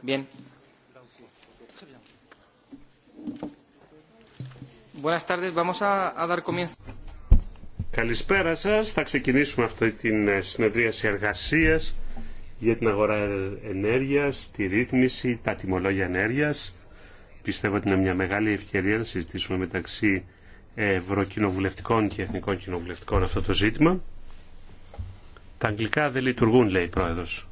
Bien. Buenas tardes. Vamos a, dar comienzo. Καλησπέρα σας. Θα ξεκινήσουμε αυτή την ε, συνεδρίαση εργασίας για την αγορά ε, ενέργειας, τη ρύθμιση, τα τιμολόγια ενέργειας. Πιστεύω ότι είναι μια μεγάλη ευκαιρία να συζητήσουμε μεταξύ ευρωκοινοβουλευτικών και εθνικών κοινοβουλευτικών αυτό το ζήτημα. Τα αγγλικά δεν λειτουργούν, λέει η Πρόεδρος.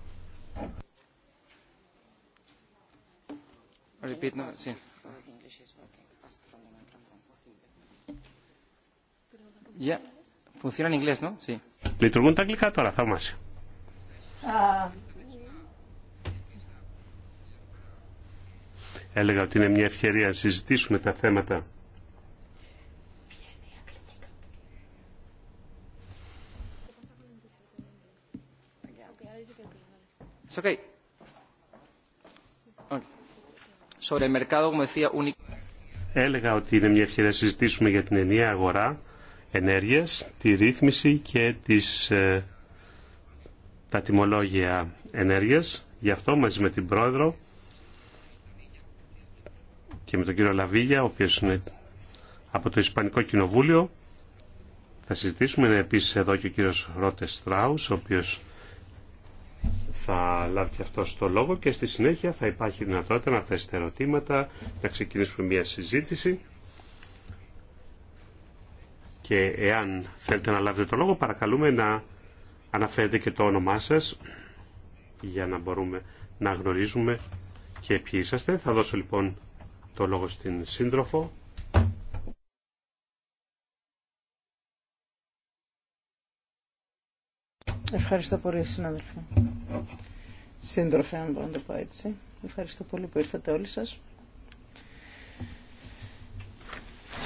Repeat no? Sí. Λειτουργούν τα αγγλικά τώρα, θαυμάσια. Έλεγα ότι είναι μια ευκαιρία να συζητήσουμε τα θέματα It's Έλεγα ότι είναι μια ευκαιρία να συζητήσουμε για την ενιαία αγορά ενέργειας, τη ρύθμιση και τις, ε, τα τιμολόγια ενέργειας. Γι' αυτό μαζί με την Πρόεδρο και με τον κύριο Λαβίγια, ο οποίος είναι από το Ισπανικό Κοινοβούλιο, θα συζητήσουμε επίσης εδώ και ο κύριος Ρότε Στράους, ο οποίος θα λάβει και αυτό το λόγο και στη συνέχεια θα υπάρχει δυνατότητα να θέσετε ερωτήματα, να ξεκινήσουμε μια συζήτηση και εάν θέλετε να λάβετε το λόγο παρακαλούμε να αναφέρετε και το όνομά σας για να μπορούμε να γνωρίζουμε και ποιοι είσαστε. Θα δώσω λοιπόν το λόγο στην σύντροφο Ευχαριστώ πολύ, συνάδελφε. Σύντροφε, αν μπορώ να το πω έτσι. Ευχαριστώ πολύ που ήρθατε όλοι σας.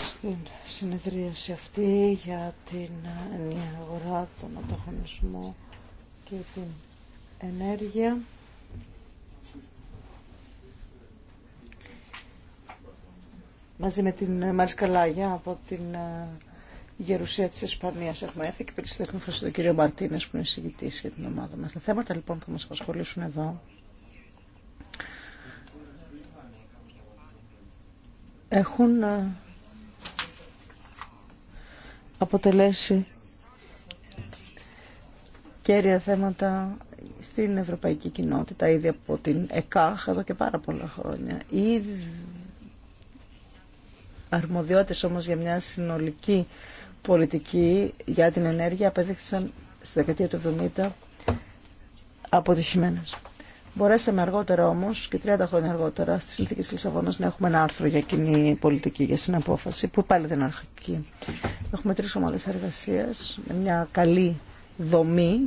Στην συνεδρίαση αυτή για την ενιαία αγορά, τον ανταγωνισμό και την ενέργεια. Μαζί με την Μαρισκα από την ε, γερουσία τη Ισπανίας έχουμε έρθει και περισσότερο τον κύριο Μαρτίνες που είναι συγητής για την ομάδα μα Τα θέματα λοιπόν που θα μας απασχολήσουν εδώ έχουν ε, αποτελέσει κέρια θέματα στην ευρωπαϊκή κοινότητα ήδη από την ΕΚΑΧ εδώ και πάρα πολλά χρόνια. Οι αρμοδιότητες όμως για μια συνολική πολιτική για την ενέργεια απέδειξαν στη δεκαετία του 70 αποτυχημένες. Μπορέσαμε αργότερα όμω και 30 χρόνια αργότερα στη συνθήκη τη Λισαβόνα να έχουμε ένα άρθρο για κοινή πολιτική, για συναπόφαση, που πάλι δεν είναι αρχική. Έχουμε τρει ομάδε εργασία με μια καλή δομή,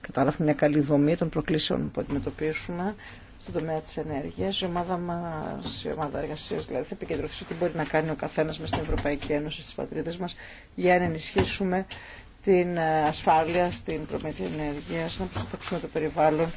κατάλαβα μια καλή δομή των προκλήσεων που αντιμετωπίσουμε, στον τομέα της ενέργειας. Η ομάδα μα, η ομάδα εργασία δηλαδή, θα επικεντρωθεί στο τι μπορεί να κάνει ο καθένας μας στην Ευρωπαϊκή Ένωση, στις πατρίδες μας, για να ενισχύσουμε την ε, ασφάλεια στην προμήθεια ενέργειας, να προστατεύσουμε το περιβάλλον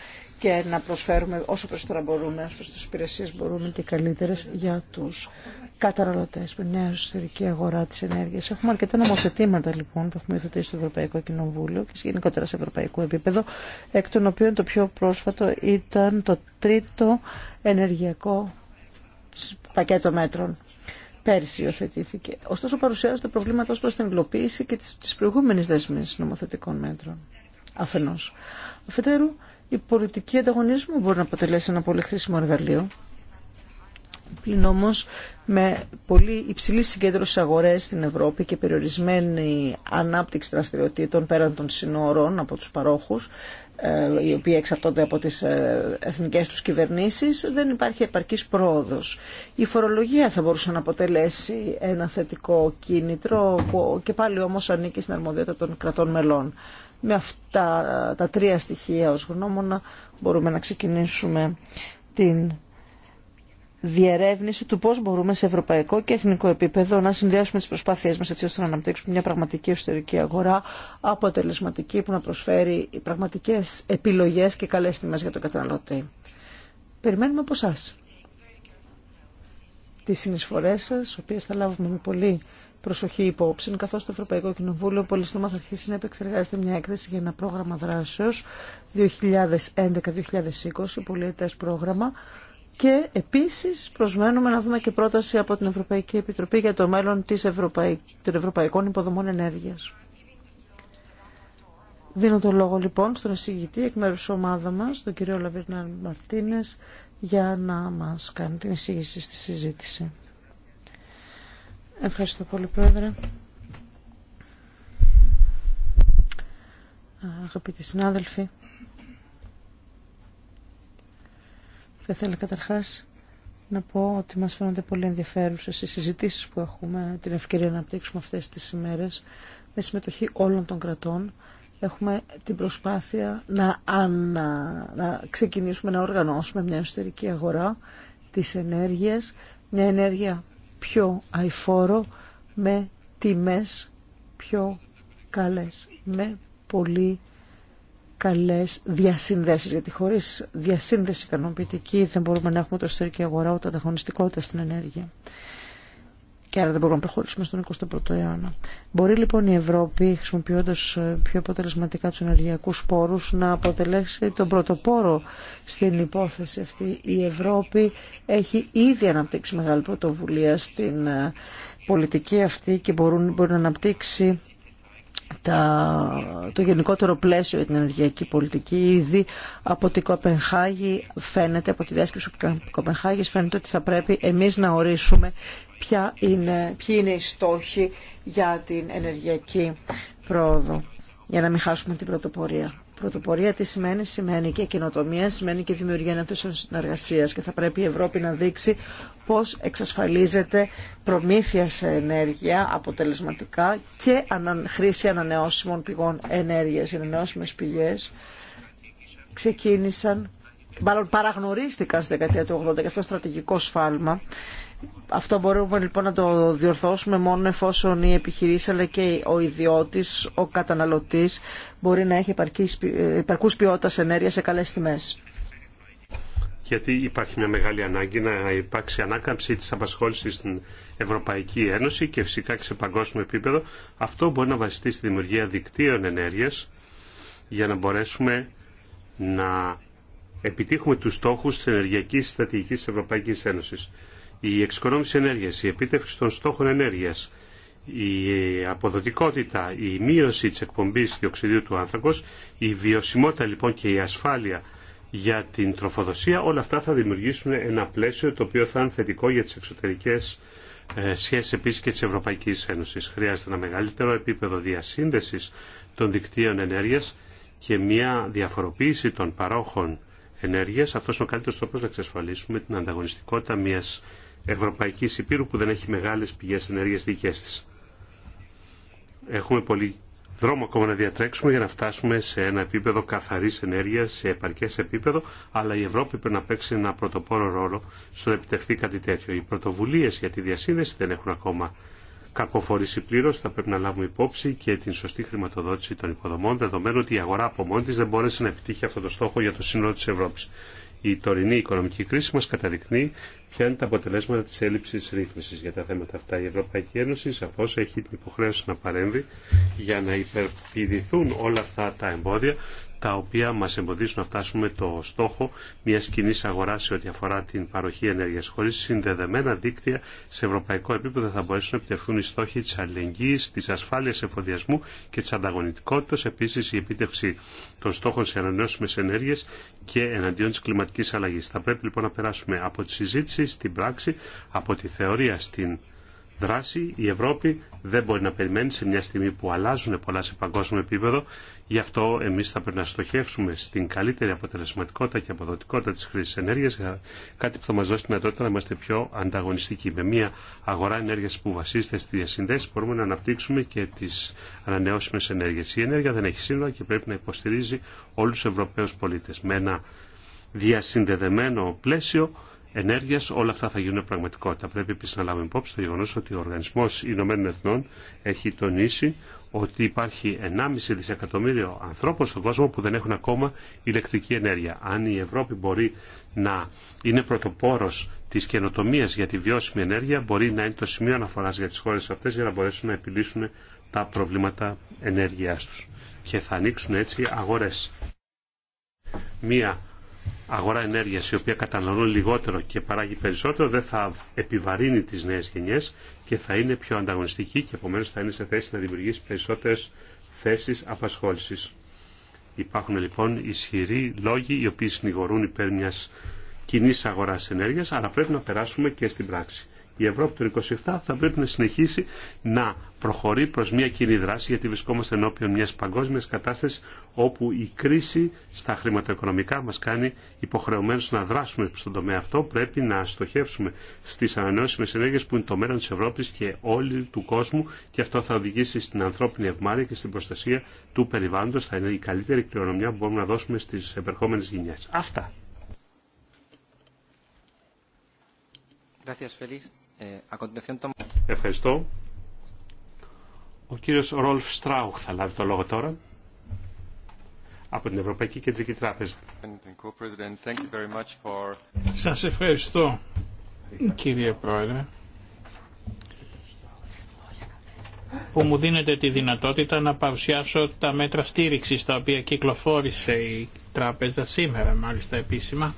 και να προσφέρουμε όσο περισσότερα μπορούμε, όσο τις υπηρεσίες μπορούμε και καλύτερες για τους καταναλωτές με μια εσωτερική αγορά της ενέργειας. Έχουμε αρκετά νομοθετήματα λοιπόν που έχουμε υιοθετήσει στο Ευρωπαϊκό Κοινοβούλιο και γενικότερα σε ευρωπαϊκό επίπεδο, εκ των οποίων το πιο πρόσφατο ήταν το τρίτο ενεργειακό πακέτο μέτρων πέρσι υιοθετήθηκε. Ωστόσο παρουσιάζονται προβλήματα ως προς την υλοποίηση και τις, τις προηγούμενες νομοθετικών μέτρων. Αφενός. Αφετέρου, η πολιτική ανταγωνισμού μπορεί να αποτελέσει ένα πολύ χρήσιμο εργαλείο. Πλην όμω με πολύ υψηλή συγκέντρωση αγορέ στην Ευρώπη και περιορισμένη ανάπτυξη δραστηριοτήτων πέραν των συνόρων από του παρόχου, ε, οι οποίοι εξαρτώνται από τις ε, εθνικές τους κυβερνήσεις, δεν υπάρχει επαρκής πρόοδος. Η φορολογία θα μπορούσε να αποτελέσει ένα θετικό κίνητρο που και πάλι όμως ανήκει στην αρμοδιότητα των κρατών μελών. Με αυτά τα τρία στοιχεία ως γνώμονα μπορούμε να ξεκινήσουμε την διερεύνηση του πώς μπορούμε σε ευρωπαϊκό και εθνικό επίπεδο να συνδυάσουμε τις προσπάθειές μας έτσι ώστε να αναπτύξουμε μια πραγματική εσωτερική αγορά αποτελεσματική που να προσφέρει πραγματικές επιλογές και καλές τιμές για τον καταναλωτή. Περιμένουμε από εσά τις συνεισφορές σας, οποίες θα λάβουμε με πολύ προσοχή υπόψη, καθώ το Ευρωπαϊκό Κοινοβούλιο πολύ στόμα θα αρχίσει να επεξεργάζεται μια έκθεση για ένα πρόγραμμα δράσεω 2011-2020, πολιτέ πρόγραμμα, και επίσης προσμένουμε να δούμε και πρόταση από την Ευρωπαϊκή Επιτροπή για το μέλλον της των Ευρωπαϊκών Υποδομών Ενέργειας. Δίνω το λόγο λοιπόν στον εισηγητή εκ μέρου ομάδα μας, τον κύριο Λαβίρνα Μαρτίνε, για να μα κάνει την εισήγηση στη συζήτηση. Ευχαριστώ πολύ Πρόεδρε. Αγαπητοί συνάδελφοι. Θα ήθελα καταρχάς να πω ότι μας φαίνονται πολύ ενδιαφέρουσε οι συζητήσεις που έχουμε την ευκαιρία να αναπτύξουμε αυτές τις ημέρες με συμμετοχή όλων των κρατών. Έχουμε την προσπάθεια να, ανα, να ξεκινήσουμε να οργανώσουμε μια εσωτερική αγορά της ενέργειας, μια ενέργεια πιο αηφόρο με τιμές πιο καλές, με πολύ καλές διασύνδεσεις, γιατί χωρίς διασύνδεση ικανοποιητική δεν μπορούμε να έχουμε το εσωτερική αγορά ούτε ανταγωνιστικότητα στην ενέργεια. Και άρα δεν μπορούμε να προχωρήσουμε στον 21ο αιώνα. Μπορεί λοιπόν η Ευρώπη, χρησιμοποιώντα ε, πιο αποτελεσματικά του ενεργειακού πόρου, να αποτελέσει τον πρωτοπόρο στην υπόθεση αυτή. Η Ευρώπη έχει ήδη αναπτύξει μεγάλη πρωτοβουλία στην ε, πολιτική αυτή και μπορούν, μπορεί να αναπτύξει το γενικότερο πλαίσιο για την ενεργειακή πολιτική ήδη από την Κοπενχάγη φαίνεται, από τη διάσκεψη του Κοπενχάγης φαίνεται ότι θα πρέπει εμείς να ορίσουμε ποια είναι, ποιοι είναι οι στόχοι για την ενεργειακή πρόοδο για να μην χάσουμε την πρωτοπορία. Πρωτοπορία τι σημαίνει, σημαίνει και κοινοτομία, σημαίνει και δημιουργία νέων συνεργασία και θα πρέπει η Ευρώπη να δείξει πώ εξασφαλίζεται προμήθεια σε ενέργεια αποτελεσματικά και χρήση ανανεώσιμων πηγών ενέργεια. Οι ανανεώσιμε πηγέ ξεκίνησαν, μάλλον παραγνωρίστηκαν στη δεκαετία του 1980 και αυτό στρατηγικό σφάλμα. Αυτό μπορούμε λοιπόν να το διορθώσουμε μόνο εφόσον η επιχειρήση αλλά και ο ιδιώτης, ο καταναλωτής μπορεί να έχει υπαρκούς ε, ποιότητα ενέργεια σε καλές τιμές. Γιατί υπάρχει μια μεγάλη ανάγκη να υπάρξει ανάκαμψη της απασχόλησης στην Ευρωπαϊκή Ένωση και φυσικά και σε παγκόσμιο επίπεδο. Αυτό μπορεί να βασιστεί στη δημιουργία δικτύων ενέργειας για να μπορέσουμε να επιτύχουμε τους στόχους της ενεργειακής στρατηγικής της Ευρωπαϊκής Ένωσης η εξοικονόμηση ενέργειας, η επίτευξη των στόχων ενέργειας, η αποδοτικότητα, η μείωση της εκπομπής διοξιδίου του άνθρακος, η βιωσιμότητα λοιπόν και η ασφάλεια για την τροφοδοσία, όλα αυτά θα δημιουργήσουν ένα πλαίσιο το οποίο θα είναι θετικό για τις εξωτερικές ε, σχέσεις επίσης και της Ευρωπαϊκής Ένωσης. Χρειάζεται ένα μεγαλύτερο επίπεδο διασύνδεσης των δικτύων ενέργειας και μια διαφοροποίηση των παρόχων ενέργειας. Αυτός είναι ο καλύτερος τρόπος να εξασφαλίσουμε την ανταγωνιστικότητα μιας Ευρωπαϊκή Υπήρου που δεν έχει μεγάλες πηγές ενέργειας δικές της. Έχουμε πολύ δρόμο ακόμα να διατρέξουμε για να φτάσουμε σε ένα επίπεδο καθαρής ενέργειας, σε επαρκές επίπεδο, αλλά η Ευρώπη πρέπει να παίξει ένα πρωτοπόρο ρόλο στο να επιτευχθεί κάτι τέτοιο. Οι πρωτοβουλίες για τη διασύνδεση δεν έχουν ακόμα κακοφορήσει πλήρω. Θα πρέπει να λάβουμε υπόψη και την σωστή χρηματοδότηση των υποδομών, δεδομένου ότι η αγορά από μόνη τη δεν μπόρεσε να επιτύχει αυτό το στόχο για το σύνολο τη Ευρώπη η τωρινή οικονομική κρίση μας καταδεικνύει ποια είναι τα αποτελέσματα της έλλειψης ρύθμισης για τα θέματα αυτά. Η Ευρωπαϊκή Ένωση σαφώς έχει την υποχρέωση να παρέμβει για να υπερπηδηθούν όλα αυτά τα εμπόδια τα οποία μας εμποδίζουν να φτάσουμε το στόχο μιας κοινή αγοράς σε ό,τι αφορά την παροχή ενέργειας. Χωρίς συνδεδεμένα δίκτυα σε ευρωπαϊκό επίπεδο θα μπορέσουν να επιτευχθούν οι στόχοι της αλληλεγγύης, της ασφάλειας εφοδιασμού και της ανταγωνιτικότητας. επίσης η επίτευξη των στόχων σε ανανεώσιμες ενέργειες και εναντίον της κλιματικής αλλαγής. Θα πρέπει λοιπόν να περάσουμε από τη συζήτηση στην πράξη, από τη θεωρία στην δράση. Η Ευρώπη δεν μπορεί να περιμένει σε μια στιγμή που αλλάζουν πολλά σε παγκόσμιο επίπεδο. Γι' αυτό εμείς θα πρέπει να στοχεύσουμε στην καλύτερη αποτελεσματικότητα και αποδοτικότητα της χρήσης ενέργειας, ε, κάτι που θα μας δώσει τη δυνατότητα να είμαστε πιο ανταγωνιστικοί. Με μια αγορά ενέργειας που βασίζεται στη διασυνδέση μπορούμε να αναπτύξουμε και τις ανανεώσιμες ενέργειες. Η ενέργεια δεν έχει σύνορα και πρέπει να υποστηρίζει όλους τους Ευρωπαίους πολίτες. Με ένα διασυνδεδεμένο πλαίσιο ενέργεια, όλα αυτά θα γίνουν πραγματικότητα. Πρέπει επίση να λάβουμε υπόψη το γεγονό ότι ο Οργανισμό Ηνωμένων Εθνών έχει τονίσει ότι υπάρχει 1,5 δισεκατομμύριο ανθρώπων στον κόσμο που δεν έχουν ακόμα ηλεκτρική ενέργεια. Αν η Ευρώπη μπορεί να είναι πρωτοπόρο τη καινοτομία για τη βιώσιμη ενέργεια, μπορεί να είναι το σημείο αναφορά για τι χώρε αυτέ για να μπορέσουν να επιλύσουν τα προβλήματα ενέργειά του. Και θα ανοίξουν έτσι αγορέ. Μία αγορά ενέργειας η οποία καταναλώνει λιγότερο και παράγει περισσότερο δεν θα επιβαρύνει τις νέες γενιές και θα είναι πιο ανταγωνιστική και επομένως θα είναι σε θέση να δημιουργήσει περισσότερες θέσεις απασχόλησης. Υπάρχουν λοιπόν ισχυροί λόγοι οι οποίοι συνηγορούν υπέρ μιας κοινή αγορά ενέργεια, αλλά πρέπει να περάσουμε και στην πράξη η Ευρώπη του 27 θα πρέπει να συνεχίσει να προχωρεί προς μια κοινή δράση γιατί βρισκόμαστε ενώπιον μιας παγκόσμιας κατάστασης όπου η κρίση στα χρηματοοικονομικά μας κάνει υποχρεωμένους να δράσουμε στον τομέα αυτό. Πρέπει να στοχεύσουμε στις ανανεώσιμες ενέργειες που είναι το μέλλον της Ευρώπης και όλη του κόσμου και αυτό θα οδηγήσει στην ανθρώπινη ευμάρεια και στην προστασία του περιβάλλοντος. Θα είναι η καλύτερη κληρονομιά που μπορούμε να δώσουμε στις επερχόμενες γενιές. Αυτά. Gracias, Feliz. Ε, ευχαριστώ. Ο κύριος Ρόλφ Στράουχ θα λάβει το λόγο τώρα από την Ευρωπαϊκή Κεντρική Τράπεζα. Σας ευχαριστώ κύριε Πρόεδρε που μου δίνετε τη δυνατότητα να παρουσιάσω τα μέτρα στήριξης τα οποία κυκλοφόρησε η τράπεζα σήμερα μάλιστα επίσημα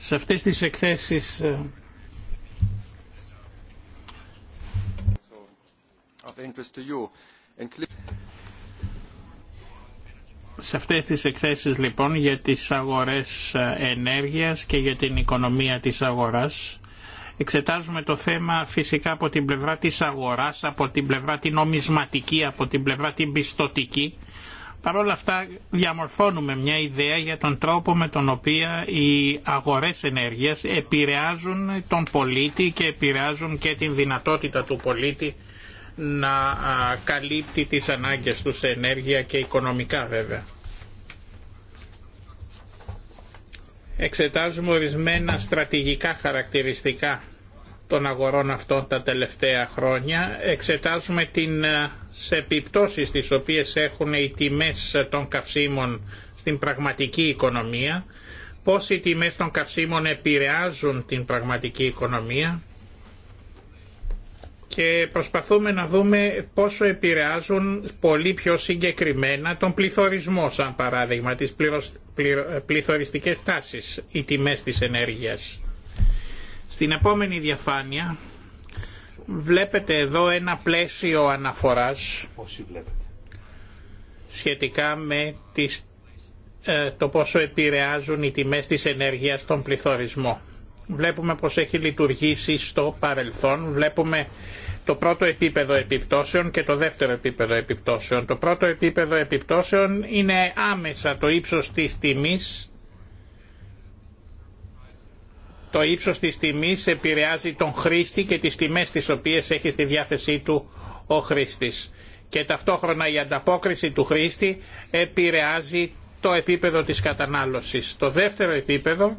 σε αυτές τις εκθέσεις ε, σε αυτές τις εκθέσεις λοιπόν για τις αγορές ε, ενέργειας και για την οικονομία της αγοράς εξετάζουμε το θέμα φυσικά από την πλευρά της αγοράς, από την πλευρά την νομισματική, από την πλευρά την πιστοτική Παρ' όλα αυτά διαμορφώνουμε μια ιδέα για τον τρόπο με τον οποίο οι αγορές ενέργειας επηρεάζουν τον πολίτη και επηρεάζουν και την δυνατότητα του πολίτη να καλύπτει τις ανάγκες του σε ενέργεια και οικονομικά βέβαια. Εξετάζουμε ορισμένα στρατηγικά χαρακτηριστικά των αγορών αυτών τα τελευταία χρόνια. Εξετάζουμε την ε, σε επιπτώσεις τις οποίες έχουν οι τιμές των καυσίμων στην πραγματική οικονομία, πώς οι τιμές των καυσίμων επηρεάζουν την πραγματική οικονομία και προσπαθούμε να δούμε πόσο επηρεάζουν πολύ πιο συγκεκριμένα τον πληθωρισμό, σαν παράδειγμα, τις πληθωριστικές τάσεις, οι τιμές της ενέργειας. Στην επόμενη διαφάνεια βλέπετε εδώ ένα πλαίσιο αναφοράς σχετικά με τις, ε, το πόσο επηρεάζουν οι τιμές της ενέργειας στον πληθωρισμό. Βλέπουμε πως έχει λειτουργήσει στο παρελθόν, βλέπουμε το πρώτο επίπεδο επιπτώσεων και το δεύτερο επίπεδο επιπτώσεων. Το πρώτο επίπεδο επιπτώσεων είναι άμεσα το ύψος της τιμής το ύψος της τιμής επηρεάζει τον χρήστη και τις τιμές τις οποίες έχει στη διάθεσή του ο χρήστης. Και ταυτόχρονα η ανταπόκριση του χρήστη επηρεάζει το επίπεδο της κατανάλωσης. Το δεύτερο επίπεδο,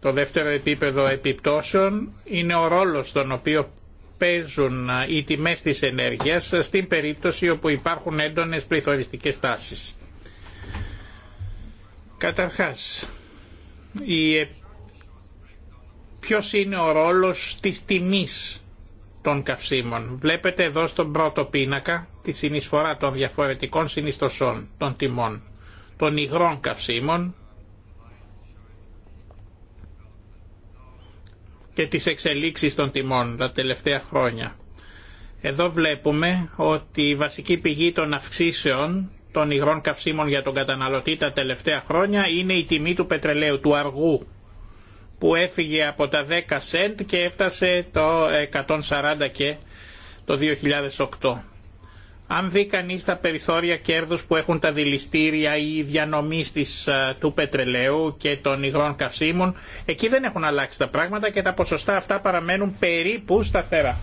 το δεύτερο επίπεδο επιπτώσεων είναι ο ρόλος τον οποίο παίζουν οι τιμές της ενέργειας στην περίπτωση όπου υπάρχουν έντονες πληθωριστικές τάσεις. Καταρχάς, η, ποιος είναι ο ρόλος της τιμής των καυσίμων. Βλέπετε εδώ στον πρώτο πίνακα τη συνεισφορά των διαφορετικών συνιστοσών των τιμών των υγρών καυσίμων και τις εξελίξεις των τιμών τα τελευταία χρόνια. Εδώ βλέπουμε ότι η βασική πηγή των αυξήσεων των υγρών καυσίμων για τον καταναλωτή τα τελευταία χρόνια είναι η τιμή του πετρελαίου, του αργού που έφυγε από τα 10 σέντ και έφτασε το 140 και το 2008. Αν δει κανείς τα περιθώρια κέρδους που έχουν τα δηληστήρια ή οι διανομής της, του πετρελαίου και των υγρών καυσίμων, εκεί δεν έχουν αλλάξει τα πράγματα και τα ποσοστά αυτά παραμένουν περίπου σταθερά.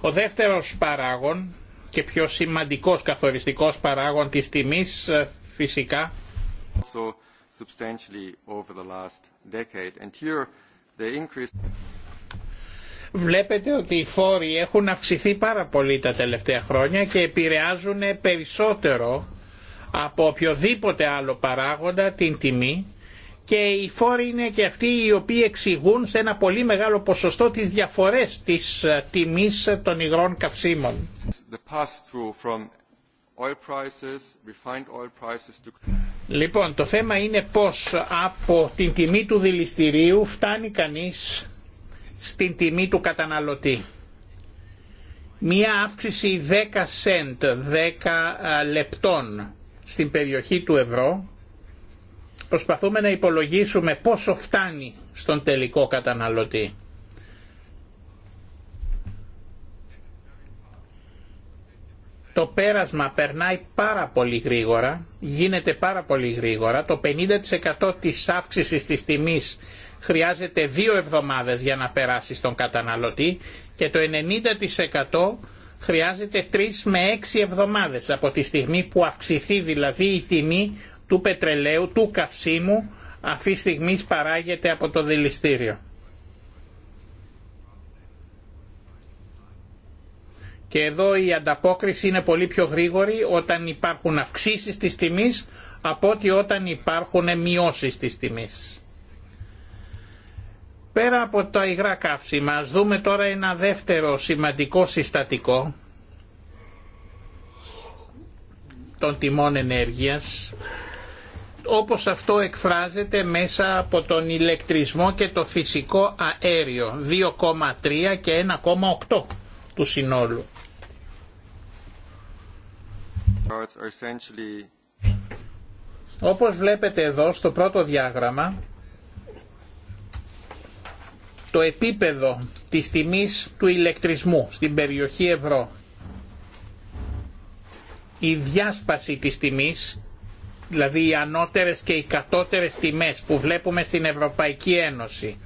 Ο δεύτερος παράγων και πιο σημαντικός καθοριστικός παράγων της τιμής φυσικά. Βλέπετε ότι οι φόροι έχουν αυξηθεί πάρα πολύ τα τελευταία χρόνια και επηρεάζουν περισσότερο από οποιοδήποτε άλλο παράγοντα την τιμή και οι φόροι είναι και αυτοί οι οποίοι εξηγούν σε ένα πολύ μεγάλο ποσοστό τις διαφορές της ε, τιμής των υγρών καυσίμων. Λοιπόν, το θέμα είναι πώς από την τιμή του δηληστηρίου φτάνει κανείς στην τιμή του καταναλωτή. Μία αύξηση 10 σέντ, 10 λεπτών στην περιοχή του ευρώ προσπαθούμε να υπολογίσουμε πόσο φτάνει στον τελικό καταναλωτή. Το πέρασμα περνάει πάρα πολύ γρήγορα, γίνεται πάρα πολύ γρήγορα. Το 50% της αύξησης της τιμής χρειάζεται δύο εβδομάδες για να περάσει στον καταναλωτή και το 90% χρειάζεται τρεις με έξι εβδομάδες από τη στιγμή που αυξηθεί δηλαδή η τιμή του πετρελαίου, του καυσίμου αυτή τη στιγμή παράγεται από το δηληστήριο. Και εδώ η ανταπόκριση είναι πολύ πιο γρήγορη όταν υπάρχουν αυξήσεις της τιμής από ότι όταν υπάρχουν μειώσεις της τιμής. Πέρα από το υγρά καύσιμα, ας δούμε τώρα ένα δεύτερο σημαντικό συστατικό των τιμών ενέργειας όπως αυτό εκφράζεται μέσα από τον ηλεκτρισμό και το φυσικό αέριο 2,3 και 1,8 του συνόλου. Όπως βλέπετε εδώ στο πρώτο διάγραμμα, το επίπεδο της τιμής του ηλεκτρισμού στην περιοχή ευρώ, η διάσπαση της τιμής δηλαδή οι ανώτερες και οι κατώτερες τιμές που βλέπουμε στην Ευρωπαϊκή Ένωση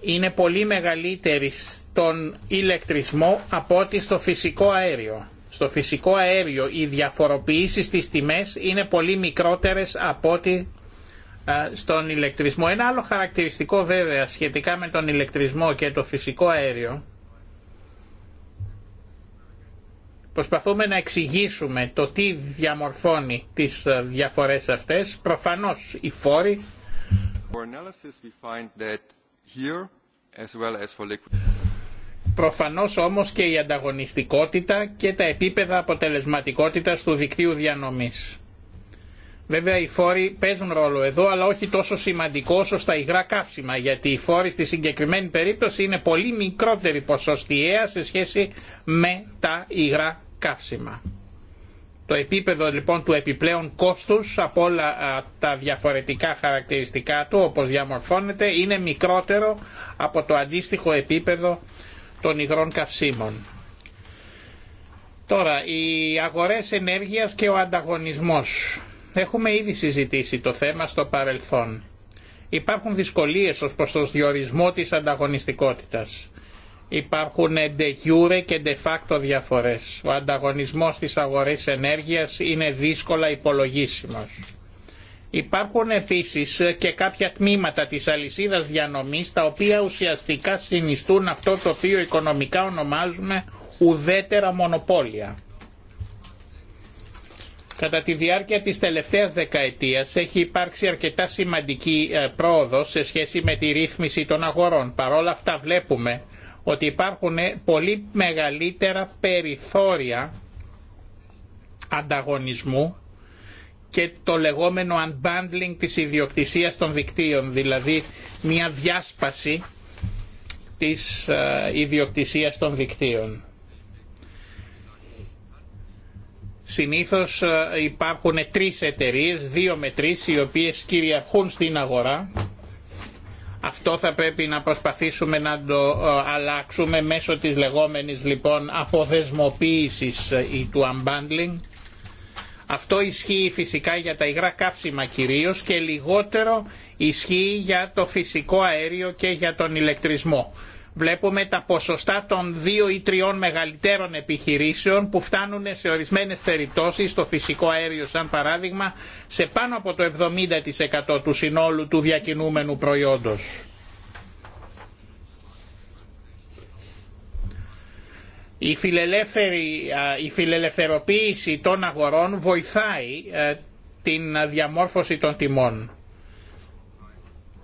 είναι πολύ μεγαλύτεροι στον ηλεκτρισμό από ό,τι στο φυσικό αέριο. Στο φυσικό αέριο οι διαφοροποιήσεις στις τιμές είναι πολύ μικρότερες από ό,τι στον ηλεκτρισμό. Ένα άλλο χαρακτηριστικό βέβαια σχετικά με τον ηλεκτρισμό και το φυσικό αέριο Προσπαθούμε να εξηγήσουμε το τι διαμορφώνει τις ε, διαφορές αυτές. Προφανώς οι φόροι Προφανώς όμως και η ανταγωνιστικότητα και τα επίπεδα αποτελεσματικότητας του δικτύου διανομής. Βέβαια οι φόροι παίζουν ρόλο εδώ αλλά όχι τόσο σημαντικό όσο στα υγρά καύσιμα γιατί οι φόροι στη συγκεκριμένη περίπτωση είναι πολύ μικρότερη ποσοστιαία σε σχέση με τα υγρά καύσιμα. Το επίπεδο λοιπόν του επιπλέον κόστους από όλα τα διαφορετικά χαρακτηριστικά του όπως διαμορφώνεται είναι μικρότερο από το αντίστοιχο επίπεδο των υγρών καυσίμων. Τώρα, οι αγορές ενέργειας και ο ανταγωνισμός. Έχουμε ήδη συζητήσει το θέμα στο παρελθόν. Υπάρχουν δυσκολίες ως προς το διορισμό της ανταγωνιστικότητας. Υπάρχουν de jure και de facto διαφορές. Ο ανταγωνισμός της αγορής ενέργειας είναι δύσκολα υπολογίσιμος. Υπάρχουν επίσης και κάποια τμήματα της αλυσίδας διανομής τα οποία ουσιαστικά συνιστούν αυτό το οποίο οικονομικά ονομάζουμε ουδέτερα μονοπόλια. Κατά τη διάρκεια της τελευταίας δεκαετίας έχει υπάρξει αρκετά σημαντική ε, πρόοδος σε σχέση με τη ρύθμιση των αγορών. Παρόλα αυτά βλέπουμε ότι υπάρχουν πολύ μεγαλύτερα περιθώρια ανταγωνισμού και το λεγόμενο unbundling της ιδιοκτησίας των δικτύων, δηλαδή μια διάσπαση της ε, ιδιοκτησίας των δικτύων. Συνήθως ε, υπάρχουν τρεις εταιρείες, δύο με τρεις, οι οποίες κυριαρχούν στην αγορά αυτό θα πρέπει να προσπαθήσουμε να το ε, αλλάξουμε μέσω της λεγόμενης λοιπόν αποδεσμοποίησης ε, ή του unbundling. Αυτό ισχύει φυσικά για τα υγρά καύσιμα κυρίως και λιγότερο ισχύει για το φυσικό αέριο και για τον ηλεκτρισμό. Βλέπουμε τα ποσοστά των δύο ή τριών μεγαλύτερων επιχειρήσεων που φτάνουν σε ορισμένες περιπτώσεις, στο φυσικό αέριο σαν παράδειγμα, σε πάνω από το 70% του συνόλου του διακινούμενου προϊόντος. Η, φιλελεύθερη, η φιλελευθεροποίηση των αγορών βοηθάει ε, την διαμόρφωση των τιμών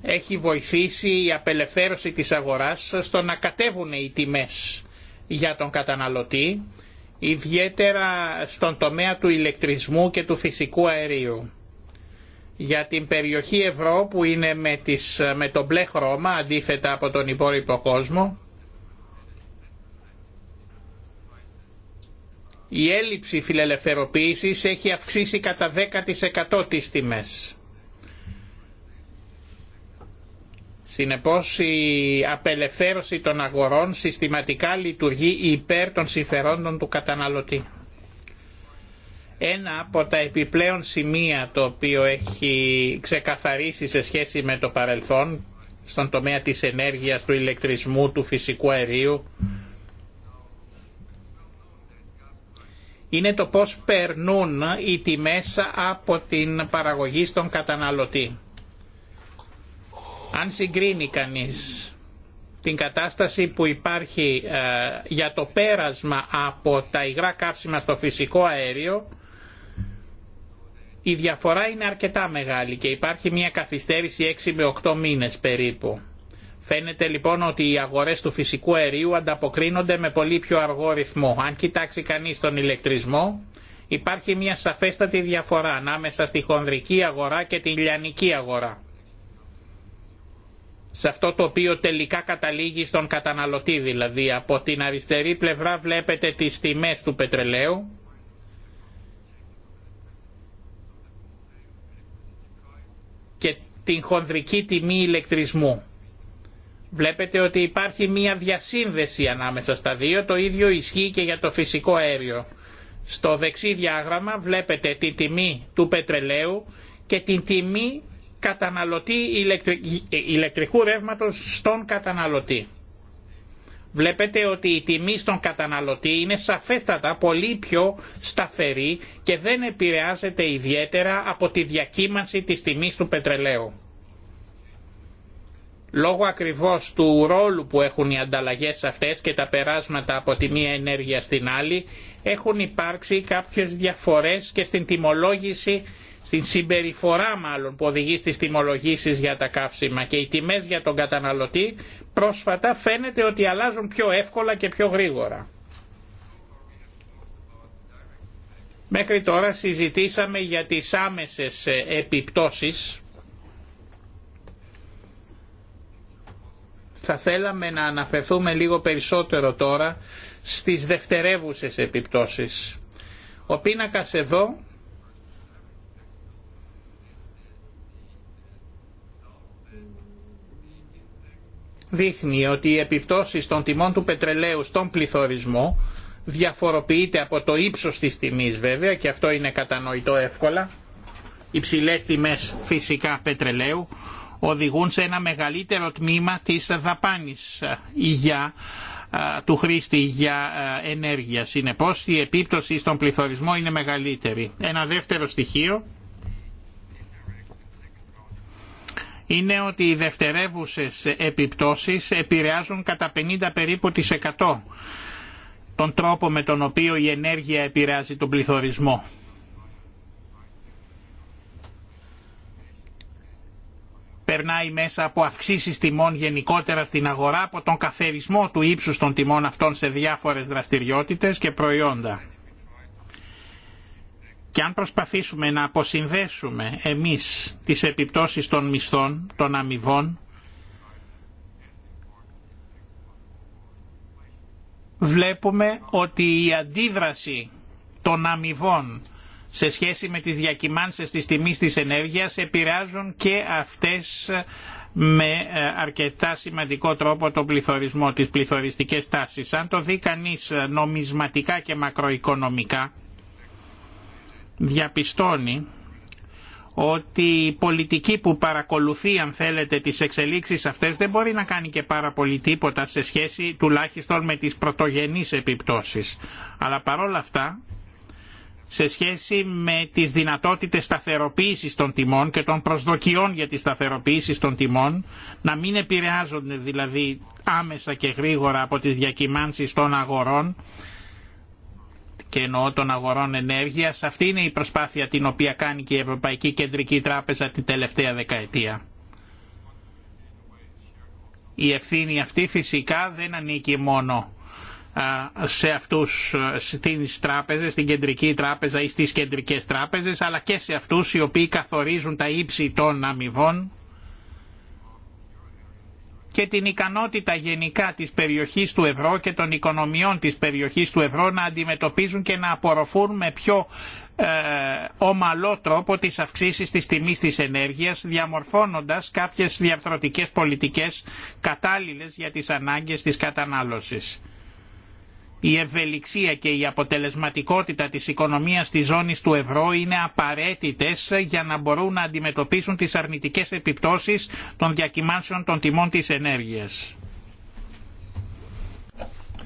έχει βοηθήσει η απελευθέρωση της αγοράς στο να κατέβουν οι τιμές για τον καταναλωτή, ιδιαίτερα στον τομέα του ηλεκτρισμού και του φυσικού αερίου. Για την περιοχή ευρώ που είναι με, τις, με το μπλε χρώμα αντίθετα από τον υπόλοιπο κόσμο, η έλλειψη φιλελευθεροποίησης έχει αυξήσει κατά 10% τις τιμές. Συνεπώς η απελευθέρωση των αγορών συστηματικά λειτουργεί υπέρ των συμφερόντων του καταναλωτή. Ένα από τα επιπλέον σημεία το οποίο έχει ξεκαθαρίσει σε σχέση με το παρελθόν στον τομέα της ενέργειας, του ηλεκτρισμού, του φυσικού αερίου είναι το πώς περνούν οι τιμές από την παραγωγή στον καταναλωτή αν συγκρίνει κανείς την κατάσταση που υπάρχει ε, για το πέρασμα από τα υγρά καύσιμα στο φυσικό αέριο, η διαφορά είναι αρκετά μεγάλη και υπάρχει μια καθυστέρηση 6 με 8 μήνες περίπου. Φαίνεται λοιπόν ότι οι αγορές του φυσικού αερίου ανταποκρίνονται με πολύ πιο αργό ρυθμό. Αν κοιτάξει κανείς τον ηλεκτρισμό, υπάρχει μια σαφέστατη διαφορά ανάμεσα στη χονδρική αγορά και την λιανική αγορά σε αυτό το οποίο τελικά καταλήγει στον καταναλωτή δηλαδή. Από την αριστερή πλευρά βλέπετε τις τιμές του πετρελαίου. και την χονδρική τιμή ηλεκτρισμού. Βλέπετε ότι υπάρχει μία διασύνδεση ανάμεσα στα δύο, το ίδιο ισχύει και για το φυσικό αέριο. Στο δεξί διάγραμμα βλέπετε την τιμή του πετρελαίου και την τιμή καταναλωτή ε, ηλεκτρικού ρεύματος στον καταναλωτή. Βλέπετε ότι η τιμή στον καταναλωτή είναι σαφέστατα πολύ πιο σταθερή και δεν επηρεάζεται ιδιαίτερα από τη διακύμανση της τιμής του πετρελαίου. Λόγω ακριβώς του ρόλου που έχουν οι ανταλλαγές αυτές και τα περάσματα από τη μία ενέργεια στην άλλη, έχουν υπάρξει κάποιες διαφορές και στην τιμολόγηση στην συμπεριφορά μάλλον που οδηγεί στις τιμολογήσεις για τα καύσιμα και οι τιμές για τον καταναλωτή πρόσφατα φαίνεται ότι αλλάζουν πιο εύκολα και πιο γρήγορα. Μέχρι τώρα συζητήσαμε για τις άμεσες ε, επιπτώσεις. Θα θέλαμε να αναφερθούμε λίγο περισσότερο τώρα στις δευτερεύουσες επιπτώσεις. Ο πίνακας εδώ δείχνει ότι οι επιπτώσεις των τιμών του πετρελαίου στον πληθωρισμό διαφοροποιείται από το ύψος της τιμής βέβαια και αυτό είναι κατανοητό εύκολα. Υψηλέ τιμές φυσικά πετρελαίου οδηγούν σε ένα μεγαλύτερο τμήμα της δαπάνης ε, για, ε, του χρήστη για ε, ενέργεια. Συνεπώς η επίπτωση στον πληθωρισμό είναι μεγαλύτερη. Ένα δεύτερο στοιχείο είναι ότι οι δευτερεύουσες επιπτώσεις επηρεάζουν κατά 50 περίπου τις 100 τον τρόπο με τον οποίο η ενέργεια επηρεάζει τον πληθωρισμό. περνάει μέσα από αυξήσεις τιμών γενικότερα στην αγορά, από τον καθερισμό του ύψους των τιμών αυτών σε διάφορες δραστηριότητες και προϊόντα. Και αν προσπαθήσουμε να αποσυνδέσουμε εμείς τις επιπτώσεις των μισθών, των αμοιβών, βλέπουμε ότι η αντίδραση των αμοιβών σε σχέση με τις διακυμάνσεις της τιμής της ενέργειας επηρεάζουν και αυτές με ε, αρκετά σημαντικό τρόπο τον πληθωρισμό, τις πληθωριστικές τάσεις. Αν το δει κανείς ε, νομισματικά και μακροοικονομικά, διαπιστώνει ότι η πολιτική που παρακολουθεί αν θέλετε τις εξελίξεις αυτές δεν μπορεί να κάνει και πάρα πολύ τίποτα σε σχέση τουλάχιστον με τις πρωτογενείς επιπτώσεις. Αλλά παρόλα αυτά σε σχέση με τις δυνατότητες σταθεροποίησης των τιμών και των προσδοκιών για τη σταθεροποίηση των τιμών, να μην επηρεάζονται δηλαδή άμεσα και γρήγορα από τις διακυμάνσεις των αγορών, και εννοώ των αγορών ενέργεια. Αυτή είναι η προσπάθεια την οποία κάνει και η Ευρωπαϊκή Κεντρική Τράπεζα την τελευταία δεκαετία. Η ευθύνη αυτή φυσικά δεν ανήκει μόνο σε αυτούς στις τράπεζες, στην κεντρική τράπεζα ή στις κεντρικές τράπεζες, αλλά και σε αυτούς οι οποίοι καθορίζουν τα ύψη των αμοιβών και την ικανότητα γενικά της περιοχής του ευρώ και των οικονομιών της περιοχής του ευρώ να αντιμετωπίζουν και να απορροφούν με πιο ε, ομαλό τρόπο τις αυξήσεις της τιμής της ενέργειας διαμορφώνοντας κάποιες διαρθρωτικές πολιτικές κατάλληλες για τις ανάγκες της κατανάλωσης η ευελιξία και η αποτελεσματικότητα της οικονομίας της ζώνης του ευρώ είναι απαραίτητες για να μπορούν να αντιμετωπίσουν τις αρνητικές επιπτώσεις των διακυμάνσεων των τιμών της ενέργειας.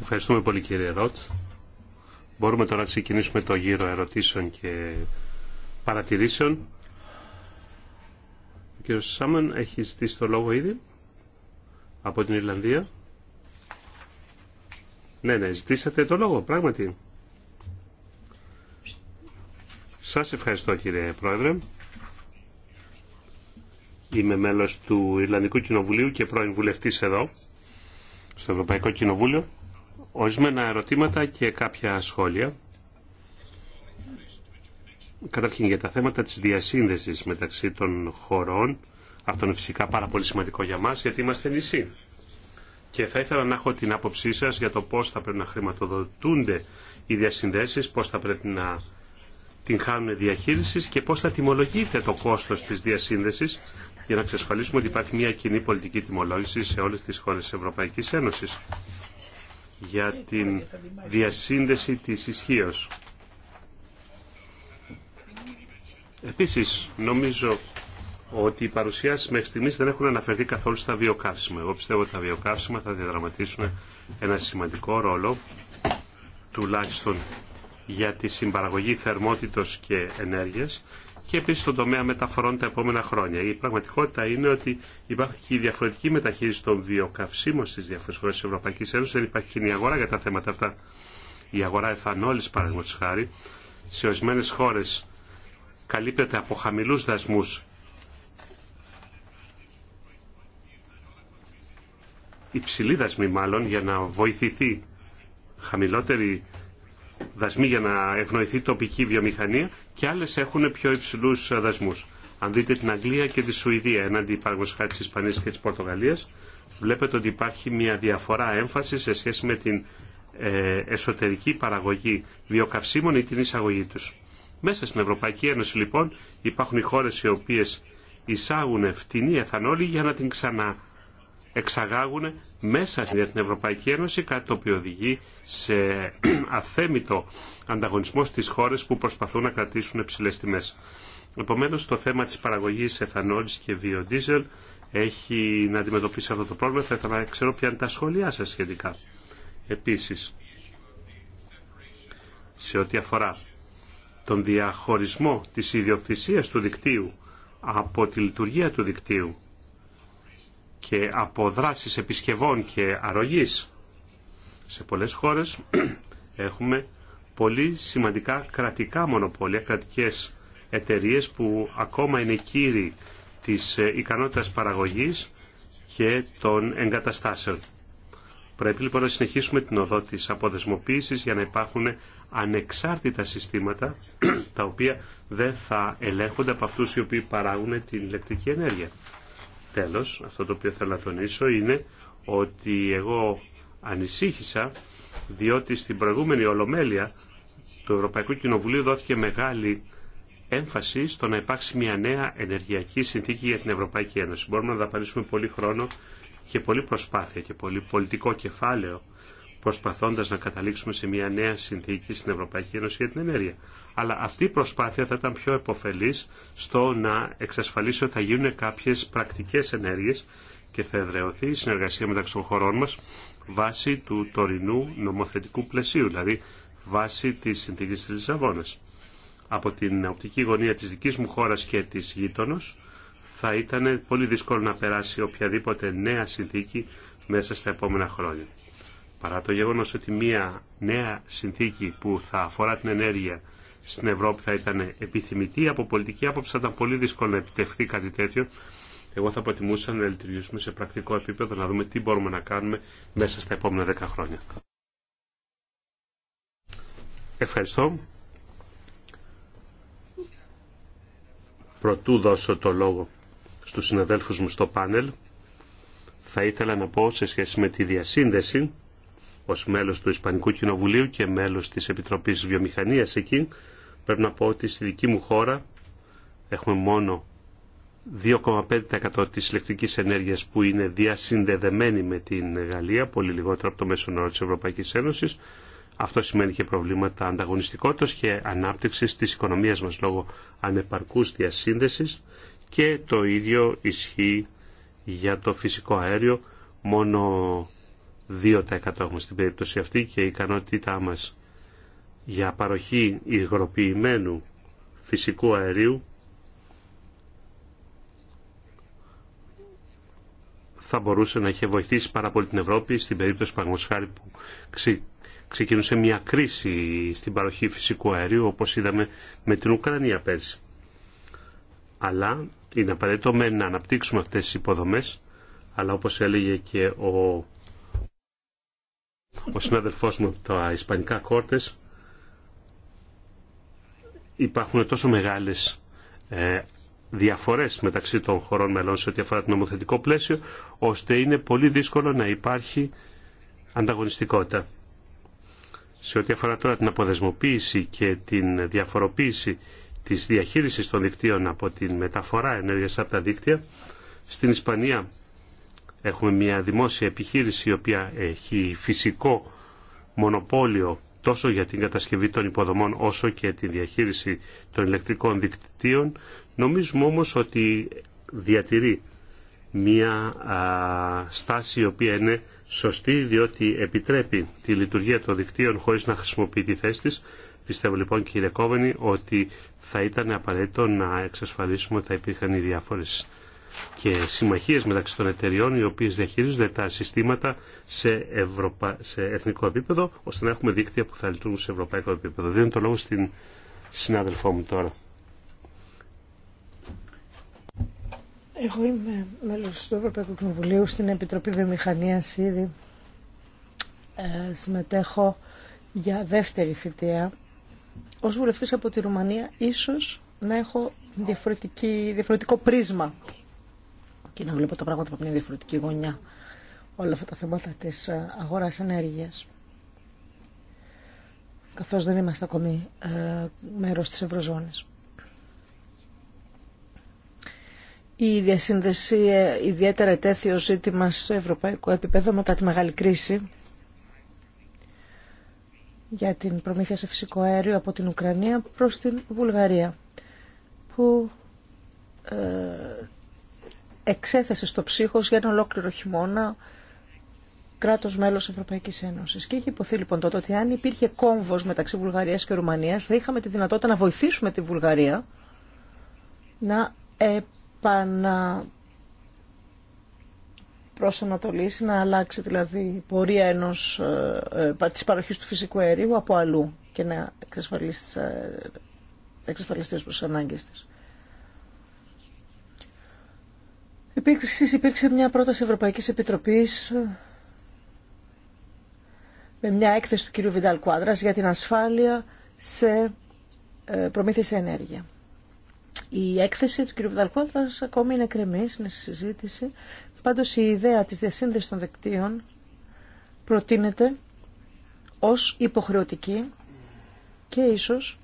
Ευχαριστούμε πολύ κύριε Ρότ. Μπορούμε τώρα να ξεκινήσουμε το γύρο ερωτήσεων και παρατηρήσεων. Ο κύριος έχει ζητήσει το λόγο ήδη από την Ιρλανδία. Ναι, ναι, ζητήσατε το λόγο, πράγματι. Σας ευχαριστώ κύριε Πρόεδρε. Είμαι μέλος του Ιρλανδικού Κοινοβουλίου και πρώην βουλευτής εδώ, στο Ευρωπαϊκό Κοινοβούλιο. Ορισμένα ερωτήματα και κάποια σχόλια. Καταρχήν για τα θέματα της διασύνδεσης μεταξύ των χωρών. Αυτό είναι φυσικά πάρα πολύ σημαντικό για μας γιατί είμαστε νησί και θα ήθελα να έχω την άποψή σας για το πώς θα πρέπει να χρηματοδοτούνται οι διασυνδέσεις, πώς θα πρέπει να την χάνουν διαχείριση και πώς θα τιμολογείται το κόστος της διασύνδεσης για να εξασφαλίσουμε ότι υπάρχει μια κοινή πολιτική τιμολόγηση σε όλες τις χώρες της Ευρωπαϊκής Ένωσης για την διασύνδεση της ισχύω. Επίσης, νομίζω ότι οι παρουσιάσει μέχρι στιγμή δεν έχουν αναφερθεί καθόλου στα βιοκαύσιμα. Εγώ πιστεύω ότι τα βιοκαύσιμα θα διαδραματίσουν ένα σημαντικό ρόλο, τουλάχιστον για τη συμπαραγωγή θερμότητος και ενέργεια και επίση στον τομέα μεταφορών τα επόμενα χρόνια. Η πραγματικότητα είναι ότι υπάρχει και η διαφορετική μεταχείριση των βιοκαυσίμων στι διάφορες χώρε τη Ευρωπαϊκή Ένωση. Δεν υπάρχει κοινή αγορά για τα θέματα αυτά. Η αγορά εθανόλη, παραδείγματο χάρη, σε ορισμένε χώρε καλύπτεται από χαμηλού δασμού. υψηλή δασμή μάλλον για να βοηθηθεί χαμηλότερη δασμή για να ευνοηθεί τοπική βιομηχανία και άλλες έχουν πιο υψηλούς δασμούς. Αν δείτε την Αγγλία και τη Σουηδία έναντι χάρη της Ισπανίας και της Πορτογαλίας βλέπετε ότι υπάρχει μια διαφορά έμφαση σε σχέση με την ε, εσωτερική παραγωγή βιοκαυσίμων ή την εισαγωγή τους. Μέσα στην Ευρωπαϊκή Ένωση λοιπόν υπάρχουν οι χώρες οι οποίες εισάγουν φτηνή εθανόλη για να την ξανά εξαγάγουν μέσα στην Ευρωπαϊκή Ένωση, κάτι το οποίο οδηγεί σε αθέμητο ανταγωνισμό στις χώρες που προσπαθούν να κρατήσουν υψηλές τιμές. Επομένως, το θέμα της παραγωγής εθανόλης και βιοδίζελ έχει να αντιμετωπίσει αυτό το πρόβλημα. Θα ήθελα να ξέρω ποια είναι τα σχόλιά σας σχετικά. Επίσης, σε ό,τι αφορά τον διαχωρισμό της ιδιοκτησίας του δικτύου από τη λειτουργία του δικτύου, και από δράσεις επισκευών και αρρωγής. Σε πολλές χώρες έχουμε πολύ σημαντικά κρατικά μονοπόλια, κρατικές εταιρείες που ακόμα είναι κύριοι της ε, ικανότητας παραγωγής και των εγκαταστάσεων. Πρέπει λοιπόν να συνεχίσουμε την οδό της αποδεσμοποίησης για να υπάρχουν ανεξάρτητα συστήματα τα οποία δεν θα ελέγχονται από αυτούς οι οποίοι παράγουν την ηλεκτρική ενέργεια. Τέλος, αυτό το οποίο θέλω να τονίσω είναι ότι εγώ ανησύχησα διότι στην προηγούμενη Ολομέλεια του Ευρωπαϊκού Κοινοβουλίου δόθηκε μεγάλη έμφαση στο να υπάρξει μια νέα ενεργειακή συνθήκη για την Ευρωπαϊκή Ένωση. Μπορούμε να δαπανίσουμε πολύ χρόνο και πολύ προσπάθεια και πολύ πολιτικό κεφάλαιο προσπαθώντα να καταλήξουμε σε μια νέα συνθήκη στην Ευρωπαϊκή Ένωση για την ενέργεια. Αλλά αυτή η προσπάθεια θα ήταν πιο επωφελή στο να εξασφαλίσει ότι θα γίνουν κάποιε πρακτικέ ενέργειε και θα εδρεωθεί η συνεργασία μεταξύ των χωρών μα βάσει του τωρινού νομοθετικού πλαισίου, δηλαδή βάσει τη συνθήκη τη Λισαβόνα. Από την οπτική γωνία τη δική μου χώρα και τη γείτονο, θα ήταν πολύ δύσκολο να περάσει οποιαδήποτε νέα συνθήκη μέσα στα επόμενα χρόνια. Παρά το γεγονός ότι μια νέα συνθήκη που θα αφορά την ενέργεια στην Ευρώπη θα ήταν επιθυμητή, από πολιτική άποψη θα ήταν πολύ δύσκολο να επιτευχθεί κάτι τέτοιο. Εγώ θα προτιμούσα να λειτουργήσουμε σε πρακτικό επίπεδο, να δούμε τι μπορούμε να κάνουμε μέσα στα επόμενα 10 χρόνια. Ευχαριστώ. Προτού δώσω το λόγο στους συναδέλφους μου στο πάνελ, θα ήθελα να πω σε σχέση με τη διασύνδεση ως μέλος του Ισπανικού Κοινοβουλίου και μέλος της Επιτροπής Βιομηχανίας εκεί, πρέπει να πω ότι στη δική μου χώρα έχουμε μόνο 2,5% της ηλεκτρικής ενέργειας που είναι διασυνδεδεμένη με την Γαλλία, πολύ λιγότερο από το μέσο όρο της Ευρωπαϊκής Ένωσης. Αυτό σημαίνει και προβλήματα ανταγωνιστικότητας και ανάπτυξης της οικονομίας μας λόγω ανεπαρκούς διασύνδεσης και το ίδιο ισχύει για το φυσικό αέριο. Μόνο 2% έχουμε στην περίπτωση αυτή και η ικανότητά μας για παροχή υγροποιημένου φυσικού αερίου θα μπορούσε να είχε βοηθήσει πάρα πολύ την Ευρώπη στην περίπτωση που ξεκινούσε μια κρίση στην παροχή φυσικού αερίου όπως είδαμε με την Ουκρανία πέρσι. Αλλά είναι απαραίτητο να αναπτύξουμε αυτές τις υποδομές αλλά όπως έλεγε και ο ο συναδελφό μου τα ισπανικά κόρτες υπάρχουν τόσο μεγάλες ε, διαφορές μεταξύ των χωρών μελών σε ό,τι αφορά το νομοθετικό πλαίσιο ώστε είναι πολύ δύσκολο να υπάρχει ανταγωνιστικότητα. Σε ό,τι αφορά τώρα την αποδεσμοποίηση και την διαφοροποίηση της διαχείρισης των δικτύων από τη μεταφορά ενέργειας από τα δίκτυα στην Ισπανία Έχουμε μια δημόσια επιχείρηση η οποία έχει φυσικό μονοπόλιο τόσο για την κατασκευή των υποδομών όσο και τη διαχείριση των ηλεκτρικών δικτύων. Νομίζουμε όμως ότι διατηρεί μια στάση η οποία είναι σωστή διότι επιτρέπει τη λειτουργία των δικτύων χωρίς να χρησιμοποιεί τη θέση της. Πιστεύω λοιπόν κύριε Κόβενη ότι θα ήταν απαραίτητο να εξασφαλίσουμε ότι θα υπήρχαν οι διάφορες και συμμαχίες μεταξύ των εταιριών οι οποίες διαχειρίζονται τα συστήματα σε, ευρωπα... σε εθνικό επίπεδο ώστε να έχουμε δίκτυα που θα λειτουργούν σε ευρωπαϊκό επίπεδο. Δίνω το λόγο στην συνάδελφό μου τώρα. Εγώ είμαι μέλος του Ευρωπαϊκού Κοινοβουλίου στην Επιτροπή Βιομηχανίας ήδη. Ε, συμμετέχω για δεύτερη φοιτεία. Ως βουλευτής από τη Ρουμανία ίσως να έχω διαφορετικό πρίσμα και να βλέπω τα πράγματα από μια διαφορετική γωνιά. Όλα αυτά τα θέματα της ε, αγοράς ενέργειας. Καθώς δεν είμαστε ακόμη ε, μέρος της Ευρωζώνης. Η διασύνδεση ε, ιδιαίτερα ετέθη ως ζήτημα σε ευρωπαϊκό επίπεδο μετά τη μεγάλη κρίση για την προμήθεια σε φυσικό αέριο από την Ουκρανία προς την Βουλγαρία που ε, εξέθεσε στο ψύχος για ένα ολόκληρο χειμώνα κράτο μέλο Ευρωπαϊκή Ένωση. Και είχε υποθεί λοιπόν τότε ότι αν υπήρχε κόμβο μεταξύ Βουλγαρίας και Ρουμανίας θα είχαμε τη δυνατότητα να βοηθήσουμε τη Βουλγαρία να επαναπροσανατολίσει, να αλλάξει δηλαδή πορεία ενός, ε, ε, της παροχής του φυσικού αερίου από αλλού και να εξασφαλίσει, ε, εξασφαλιστεί ανάγκες της. Επίση υπήρξε μια πρόταση Ευρωπαϊκής Επιτροπής ε, με μια έκθεση του κυρίου Βιντάλ Κουάντρας για την ασφάλεια σε ε, προμήθεια ενέργεια. Η έκθεση του κυρίου Βιντάλ Κουάντρας ακόμη είναι κρεμής, είναι συζήτηση. Πάντως η ιδέα της διασύνδεσης των δικτύων προτείνεται ως υποχρεωτική και ίσως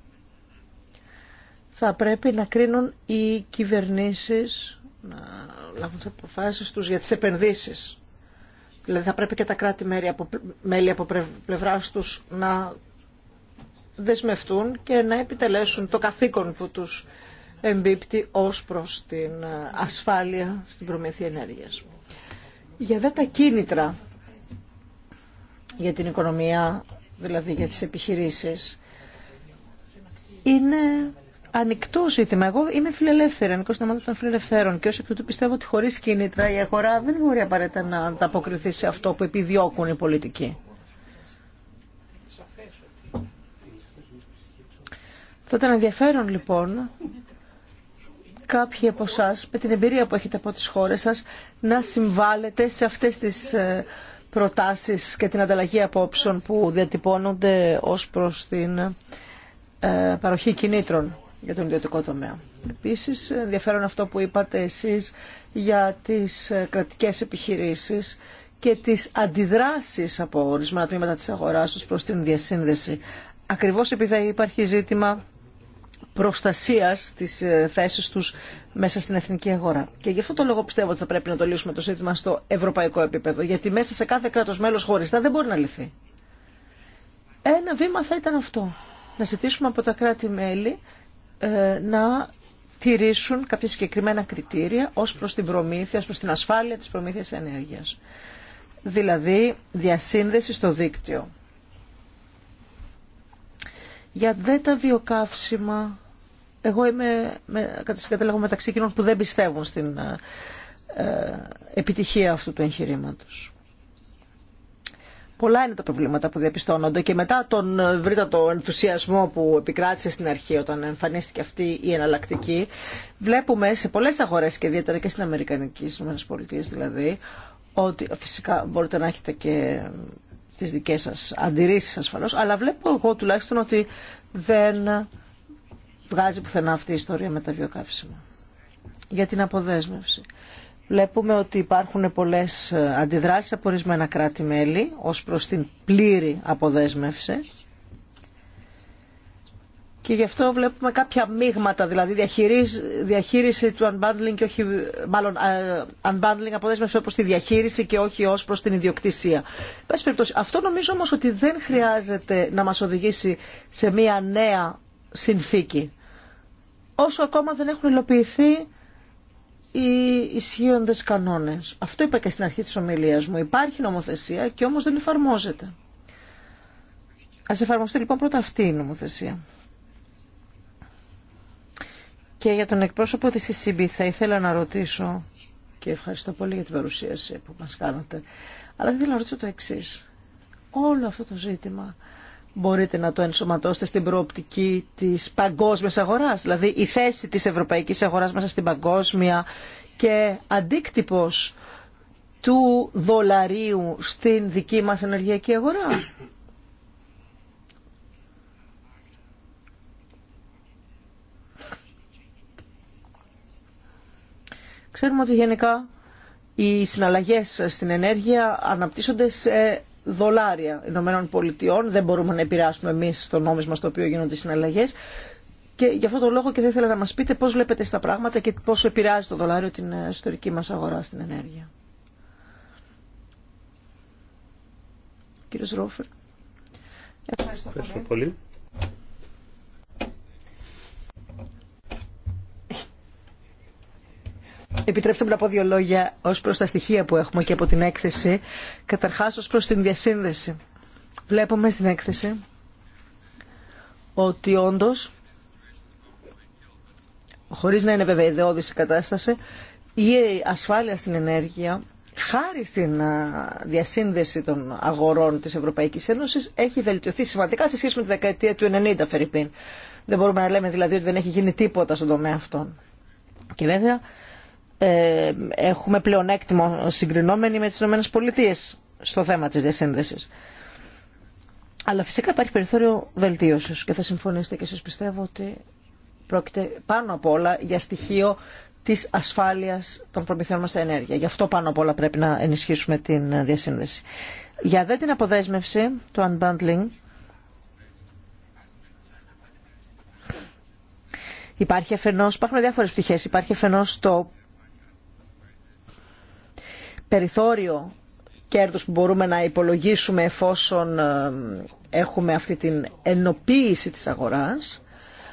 θα πρέπει να κρίνουν οι κυβερνήσεις να λάβουν τι αποφάσει του για τι επενδύσει. Δηλαδή θα πρέπει και τα κράτη-μέλη από, μέλη από πλευρά του να δεσμευτούν και να επιτελέσουν το καθήκον που του εμπίπτει ω προ την ε, ασφάλεια στην προμήθεια ενέργεια. Για δε τα κίνητρα για την οικονομία, δηλαδή για τις επιχειρήσεις, είναι ανοιχτό ζήτημα. Εγώ είμαι φιλελεύθερη, ανήκω στην ομάδα των φιλελευθέρων και ω εκ τούτου πιστεύω ότι χωρί κίνητρα η αγορά δεν μπορεί απαραίτητα να ανταποκριθεί σε αυτό που επιδιώκουν οι πολιτικοί. Θα ήταν ενδιαφέρον λοιπόν κάποιοι από εσά, με την εμπειρία που έχετε από τι χώρε σα να συμβάλλετε σε αυτέ τι ε, προτάσει και την ανταλλαγή απόψεων που διατυπώνονται ω προ την ε, παροχή κινήτρων για τον ιδιωτικό τομέα. Επίσης, ενδιαφέρον αυτό που είπατε εσείς για τις ε, κρατικές επιχειρήσεις και τις αντιδράσεις από ορισμένα τμήματα της αγοράς τους προς την διασύνδεση. Ακριβώς επειδή υπάρχει ζήτημα προστασίας της ε, θέσης τους μέσα στην εθνική αγορά. Και γι' αυτό το λόγο πιστεύω ότι θα πρέπει να το λύσουμε το ζήτημα στο ευρωπαϊκό επίπεδο, γιατί μέσα σε κάθε κράτος μέλος χωριστά δεν μπορεί να λυθεί. Ένα βήμα θα ήταν αυτό. Να ζητήσουμε από τα κράτη-μέλη ε, να τηρήσουν κάποια συγκεκριμένα κριτήρια ως προς την προμήθεια, ως προς την ασφάλεια της προμήθειας ενέργειας. Δηλαδή διασύνδεση στο δίκτυο. Για δε τα βιοκαύσιμα, εγώ είμαι με, μεταξύ εκείνων που δεν πιστεύουν στην ε, ε, επιτυχία αυτού του εγχειρήματος. Πολλά είναι τα προβλήματα που διαπιστώνονται και μετά τον ε, το ενθουσιασμό που επικράτησε στην αρχή όταν εμφανίστηκε αυτή η εναλλακτική, βλέπουμε σε πολλές αγορές και ιδιαίτερα και στην Αμερικανική, στι ΗΠΑ δηλαδή, ότι φυσικά μπορείτε να έχετε και τις δικές σας αντιρρήσεις ασφαλώ, αλλά βλέπω εγώ τουλάχιστον ότι δεν βγάζει πουθενά αυτή η ιστορία με τα βιοκαύσιμα. Για την αποδέσμευση βλέπουμε ότι υπάρχουν πολλές ε, αντιδράσεις από ορισμένα κράτη-μέλη ως προς την πλήρη αποδέσμευση. Και γι' αυτό βλέπουμε κάποια μείγματα, δηλαδή διαχείριση του unbundling και όχι, μάλλον ε, unbundling αποδέσμευση όπως τη διαχείριση και όχι ως προς την ιδιοκτησία. περιπτώσει, αυτό νομίζω όμως ότι δεν χρειάζεται να μας οδηγήσει σε μια νέα συνθήκη. Όσο ακόμα δεν έχουν υλοποιηθεί οι ισχύοντες κανόνες. Αυτό είπα και στην αρχή της ομιλίας μου. Υπάρχει νομοθεσία και όμως δεν εφαρμόζεται. Ας εφαρμοστεί λοιπόν πρώτα αυτή η νομοθεσία. Και για τον εκπρόσωπο της ECB θα ήθελα να ρωτήσω και ευχαριστώ πολύ για την παρουσίαση που μας κάνατε. Αλλά ήθελα να ρωτήσω το εξή. Όλο αυτό το ζήτημα μπορείτε να το ενσωματώσετε στην προοπτική της παγκόσμιας αγοράς, δηλαδή η θέση της ευρωπαϊκής αγοράς μέσα στην παγκόσμια και αντίκτυπος του δολαρίου στην δική μας ενεργειακή αγορά. Ξέρουμε ότι γενικά οι συναλλαγές στην ενέργεια αναπτύσσονται σε δολάρια Ηνωμένων Πολιτειών. Δεν μπορούμε να επηρεάσουμε εμεί το νόμισμα στο οποίο γίνονται οι συναλλαγέ. Και γι' αυτό το λόγο και θα ήθελα να μα πείτε πώ βλέπετε στα πράγματα και πόσο επηρεάζει το δολάριο την εσωτερική μα αγορά στην ενέργεια. Κύριε Ρόφερ. Ευχαριστώ, πολύ. Επιτρέψτε μου να πω δύο λόγια ως προς τα στοιχεία που έχουμε και από την έκθεση. Καταρχάς ως προς την διασύνδεση. Βλέπουμε στην έκθεση ότι όντως, χωρίς να είναι βέβαια η κατάσταση, η ασφάλεια στην ενέργεια, χάρη στην διασύνδεση των αγορών της Ευρωπαϊκής Ένωσης, έχει βελτιωθεί σημαντικά σε σχέση με τη δεκαετία του 90, Φερρυπίν. Δεν μπορούμε να λέμε δηλαδή ότι δεν έχει γίνει τίποτα στον τομέα αυτόν. Και βέβαια ε, έχουμε πλεονέκτημα συγκρινόμενοι με τις ΗΠΑ στο θέμα της διασύνδεσης. Αλλά φυσικά υπάρχει περιθώριο βελτίωσης και θα συμφωνήσετε και εσείς πιστεύω ότι πρόκειται πάνω απ' όλα για στοιχείο της ασφάλειας των προμηθειών μας ενέργεια. Γι' αυτό πάνω απ' όλα πρέπει να ενισχύσουμε την διασύνδεση. Για δε την αποδέσμευση, το unbundling, υπάρχει αφενός, υπάρχουν διάφορες πτυχές. Υπάρχει αφενός το περιθώριο κέρδους που μπορούμε να υπολογίσουμε εφόσον ε, έχουμε αυτή την ενοποίηση της αγοράς.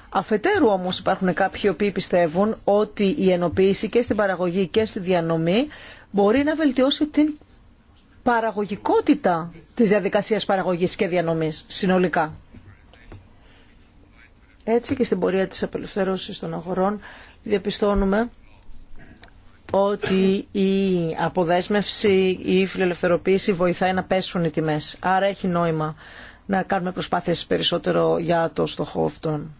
Αφετέρου όμως υπάρχουν κάποιοι οποίοι πιστεύουν ότι η ενοποίηση και στην παραγωγή και στη διανομή μπορεί να βελτιώσει την παραγωγικότητα της διαδικασίας παραγωγής και διανομής συνολικά. Έτσι και στην πορεία της απελευθέρωσης των αγορών διαπιστώνουμε ότι η αποδέσμευση ή η φιλελευθερωποίηση βοηθάει να πέσουν οι τιμές. Άρα έχει νόημα να κάνουμε προσπάθειες περισσότερο για το στοχό αυτόν.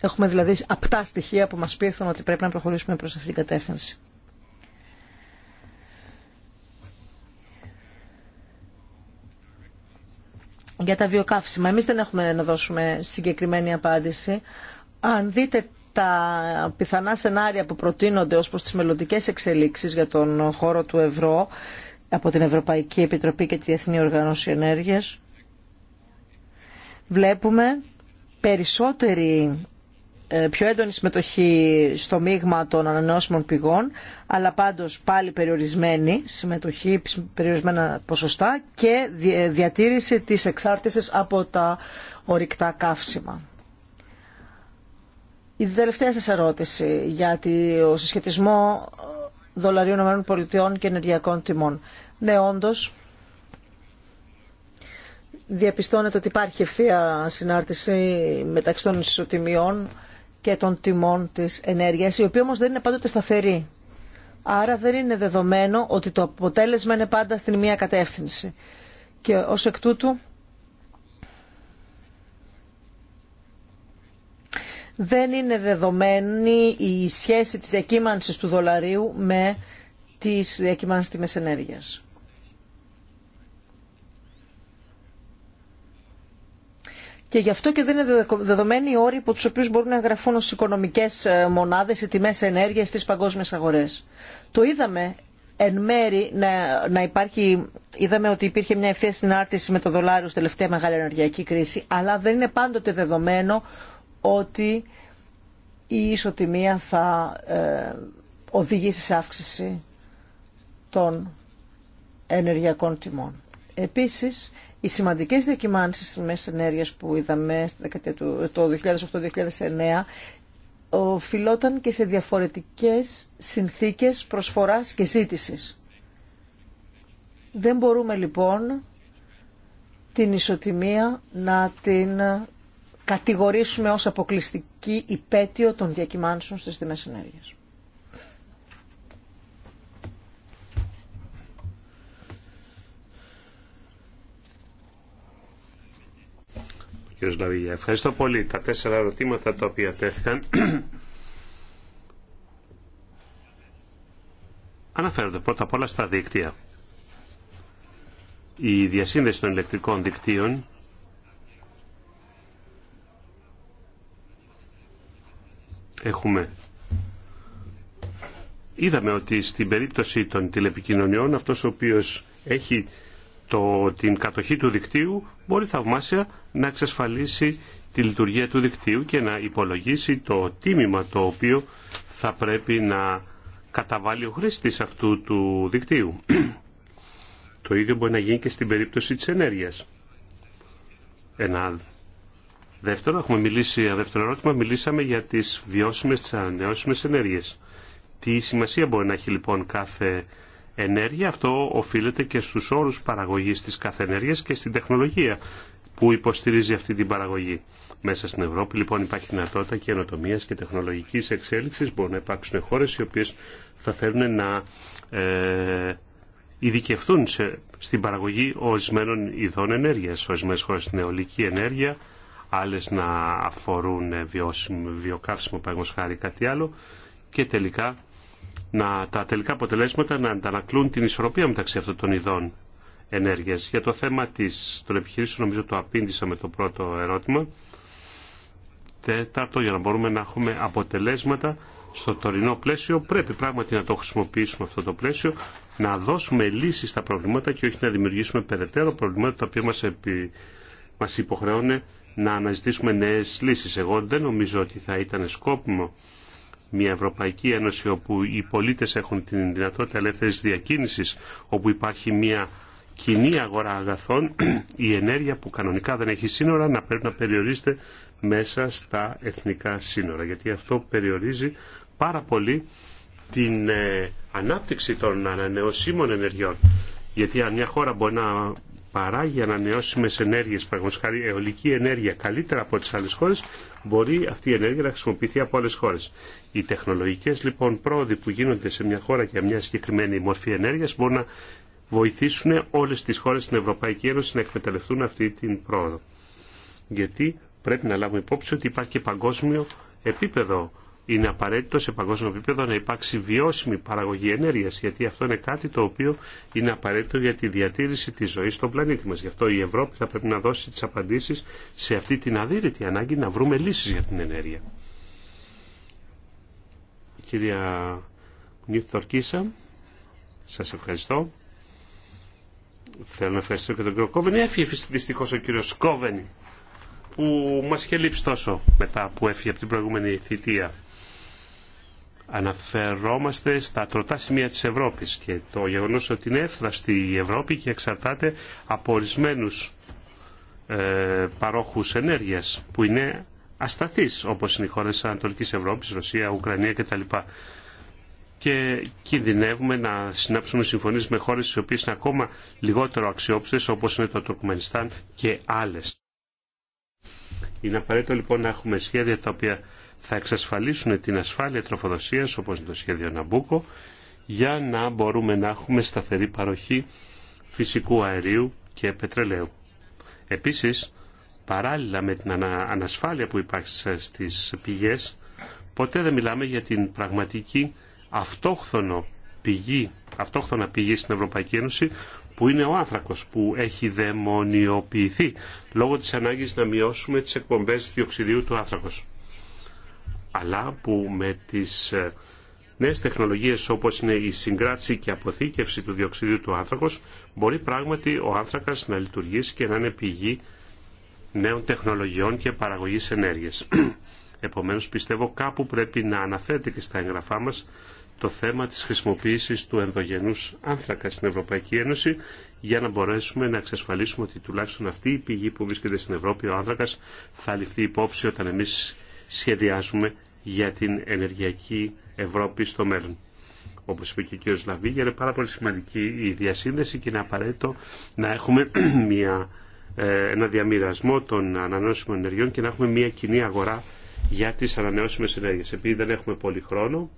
Έχουμε δηλαδή απτά στοιχεία που μας πείθουν ότι πρέπει να προχωρήσουμε προς αυτήν την κατεύθυνση. Για τα βιοκαύσιμα, εμείς δεν έχουμε να δώσουμε συγκεκριμένη απάντηση. Αν δείτε τα πιθανά σενάρια που προτείνονται ως προς τις μελλοντικέ εξελίξεις για τον χώρο του ευρώ από την Ευρωπαϊκή Επιτροπή και τη Διεθνή Οργάνωση Ενέργειας, βλέπουμε περισσότερη ε, πιο έντονη συμμετοχή στο μείγμα των ανανεώσιμων πηγών, αλλά πάντως πάλι περιορισμένη συμμετοχή, περιορισμένα ποσοστά και ε, διατήρηση της εξάρτησης από τα ορυκτά καύσιμα. Η τελευταία σας ερώτηση για το συσχετισμό δολαρίων ΗΠΑ και ενεργειακών τιμών. Ναι, όντως, διαπιστώνεται ότι υπάρχει ευθεία συνάρτηση μεταξύ των ισοτιμιών και των τιμών της ενέργειας, η οποία όμως δεν είναι πάντοτε σταθερή. Άρα δεν είναι δεδομένο ότι το αποτέλεσμα είναι πάντα στην μία κατεύθυνση. Και ως εκ τούτου δεν είναι δεδομένη η σχέση της διακύμανσης του δολαρίου με τις διακυμάνσεις τιμές ενέργειας. Και γι' αυτό και δεν είναι δεδομένοι οι όροι υπό τους οποίους μπορούν να εγγραφούν ως οικονομικές ε, μονάδες οι τιμές ενέργεια στις παγκόσμιες αγορές. Το είδαμε εν μέρη να, να υπάρχει, είδαμε ότι υπήρχε μια ευθεία συνάρτηση με το δολάριο στη τελευταία μεγάλη ενεργειακή κρίση, αλλά δεν είναι πάντοτε δεδομένο ότι η ισοτιμία θα ε, οδηγήσει σε αύξηση των ενεργειακών τιμών. Επίσης, οι σημαντικές διακυμάνσεις στις μέσες ενέργειας που είδαμε το 2008-2009 οφειλόταν και σε διαφορετικές συνθήκες προσφοράς και ζήτησης. Δεν μπορούμε λοιπόν την ισοτιμία να την κατηγορήσουμε ως αποκλειστική υπέτειο των διακυμάνσεων στις τιμές ενέργειας. Ευχαριστώ πολύ. Τα τέσσερα ερωτήματα τα οποία τέθηκαν αναφέρονται πρώτα απ' όλα στα δίκτυα. Η διασύνδεση των ηλεκτρικών δικτύων έχουμε είδαμε ότι στην περίπτωση των τηλεπικοινωνιών αυτός ο οποίος έχει το, την κατοχή του δικτύου μπορεί θαυμάσια να εξασφαλίσει τη λειτουργία του δικτύου και να υπολογίσει το τίμημα το οποίο θα πρέπει να καταβάλει ο χρήστης αυτού του δικτύου. το ίδιο μπορεί να γίνει και στην περίπτωση της ενέργειας έχουμε μιλήσει, δεύτερο ερώτημα, μιλήσαμε για τις βιώσιμες, τις ανανεώσιμες ενέργειες. Τι σημασία μπορεί να έχει λοιπόν κάθε ενέργεια, αυτό οφείλεται και στους όρους παραγωγής της κάθε ενέργειας και στην τεχνολογία που υποστηρίζει αυτή την παραγωγή. Μέσα στην Ευρώπη λοιπόν υπάρχει δυνατότητα και ενοτομία και τεχνολογική εξέλιξη. Μπορούν να υπάρξουν χώρε οι οποίε θα θέλουν να ε, ειδικευτούν σε, στην παραγωγή ορισμένων ειδών ενέργεια. Ορισμένε χώρε στην αιωλική ενέργεια, άλλες να αφορούν ε, βιώσιμο, βιοκαύσιμο παραγωγός χάρη κάτι άλλο και τελικά να, τα τελικά αποτελέσματα να αντανακλούν την ισορροπία μεταξύ αυτών των ειδών ενέργειας. Για το θέμα της, των επιχειρήσεων νομίζω το απήντησα με το πρώτο ερώτημα. Τέταρτο, για να μπορούμε να έχουμε αποτελέσματα στο τωρινό πλαίσιο, πρέπει πράγματι να το χρησιμοποιήσουμε αυτό το πλαίσιο, να δώσουμε λύσεις στα προβλήματα και όχι να δημιουργήσουμε περαιτέρω προβλήματα τα οποία μας, επι... υποχρεώνουν να αναζητήσουμε νέες λύσεις. Εγώ δεν νομίζω ότι θα ήταν σκόπιμο μια Ευρωπαϊκή Ένωση όπου οι πολίτες έχουν την δυνατότητα ελεύθερης διακίνησης, όπου υπάρχει μια κοινή αγορά αγαθών, η ενέργεια που κανονικά δεν έχει σύνορα να πρέπει να περιορίζεται μέσα στα εθνικά σύνορα. Γιατί αυτό περιορίζει πάρα πολύ την ε, ανάπτυξη των ανανεωσίμων ενεργειών. Γιατί αν μια χώρα μπορεί να παράγει ανανεώσιμε ενέργειε, παραδείγματο χάρη αιωλική ενέργεια καλύτερα από τι άλλε χώρε, μπορεί αυτή η ενέργεια να χρησιμοποιηθεί από άλλε χώρε. Οι τεχνολογικέ λοιπόν πρόοδοι που γίνονται σε μια χώρα για μια συγκεκριμένη μορφή ενέργεια μπορούν να βοηθήσουν όλε τι χώρε στην Ευρωπαϊκή Ένωση να εκμεταλλευτούν αυτή την πρόοδο. Γιατί πρέπει να λάβουμε υπόψη ότι υπάρχει και παγκόσμιο επίπεδο είναι απαραίτητο σε παγκόσμιο επίπεδο να υπάρξει βιώσιμη παραγωγή ενέργεια γιατί αυτό είναι κάτι το οποίο είναι απαραίτητο για τη διατήρηση τη ζωή στον πλανήτη μα. Γι' αυτό η Ευρώπη θα πρέπει να δώσει τι απαντήσει σε αυτή την αδύρυτη ανάγκη να βρούμε λύσει για την ενέργεια. Κυρία κυρία Νιουθορκίσα, σα ευχαριστώ. Θέλω να ευχαριστήσω και τον κύριο Κόβενη. Έφυγε δυστυχώ ο κύριο Κόβενη που μας είχε λείψει τόσο μετά που έφυγε από την προηγούμενη θητεία αναφερόμαστε στα τροτά σημεία της Ευρώπης και το γεγονός ότι είναι εύθραστη η Ευρώπη και εξαρτάται από ορισμένου ε, παρόχους ενέργειας που είναι ασταθείς όπως είναι οι χώρες της Ανατολικής Ευρώπης, Ρωσία, Ουκρανία κτλ. Και κινδυνεύουμε να συνάψουμε συμφωνίες με χώρες στις οποίες είναι ακόμα λιγότερο αξιόπιστες όπως είναι το Τουρκμενιστάν και άλλες. Είναι απαραίτητο λοιπόν να έχουμε σχέδια τα οποία θα εξασφαλίσουν την ασφάλεια τροφοδοσίας όπως είναι το σχέδιο Ναμπούκο για να μπορούμε να έχουμε σταθερή παροχή φυσικού αερίου και πετρελαίου. Επίσης, παράλληλα με την ανασφάλεια που υπάρχει στις πηγές, ποτέ δεν μιλάμε για την πραγματική αυτόχθονο πηγή, αυτόχθονα πηγή στην Ευρωπαϊκή Ένωση που είναι ο άνθρακος που έχει δαιμονιοποιηθεί λόγω της ανάγκης να μειώσουμε τις εκπομπές διοξιδίου του άνθρακος αλλά που με τις ε, νέες τεχνολογίες όπως είναι η συγκράτηση και αποθήκευση του διοξιδίου του άνθρακος μπορεί πράγματι ο άνθρακας να λειτουργήσει και να είναι πηγή νέων τεχνολογιών και παραγωγής ενέργειας. Επομένως πιστεύω κάπου πρέπει να αναφέρεται και στα έγγραφά μας το θέμα της χρησιμοποίησης του ενδογενούς άνθρακα στην Ευρωπαϊκή Ένωση για να μπορέσουμε να εξασφαλίσουμε ότι τουλάχιστον αυτή η πηγή που βρίσκεται στην Ευρώπη ο άνθρακας θα ληφθεί υπόψη όταν εμείς σχεδιάζουμε για την ενεργειακή Ευρώπη στο μέλλον. Όπως είπε και ο κ. Λαβίγια, είναι πάρα πολύ σημαντική η διασύνδεση και είναι απαραίτητο να έχουμε μια, ε, ένα διαμοιρασμό των ανανεώσιμων ενεργειών και να έχουμε μια κοινή αγορά για τις ανανεώσιμες ενέργειες. Επειδή δεν έχουμε πολύ χρόνο,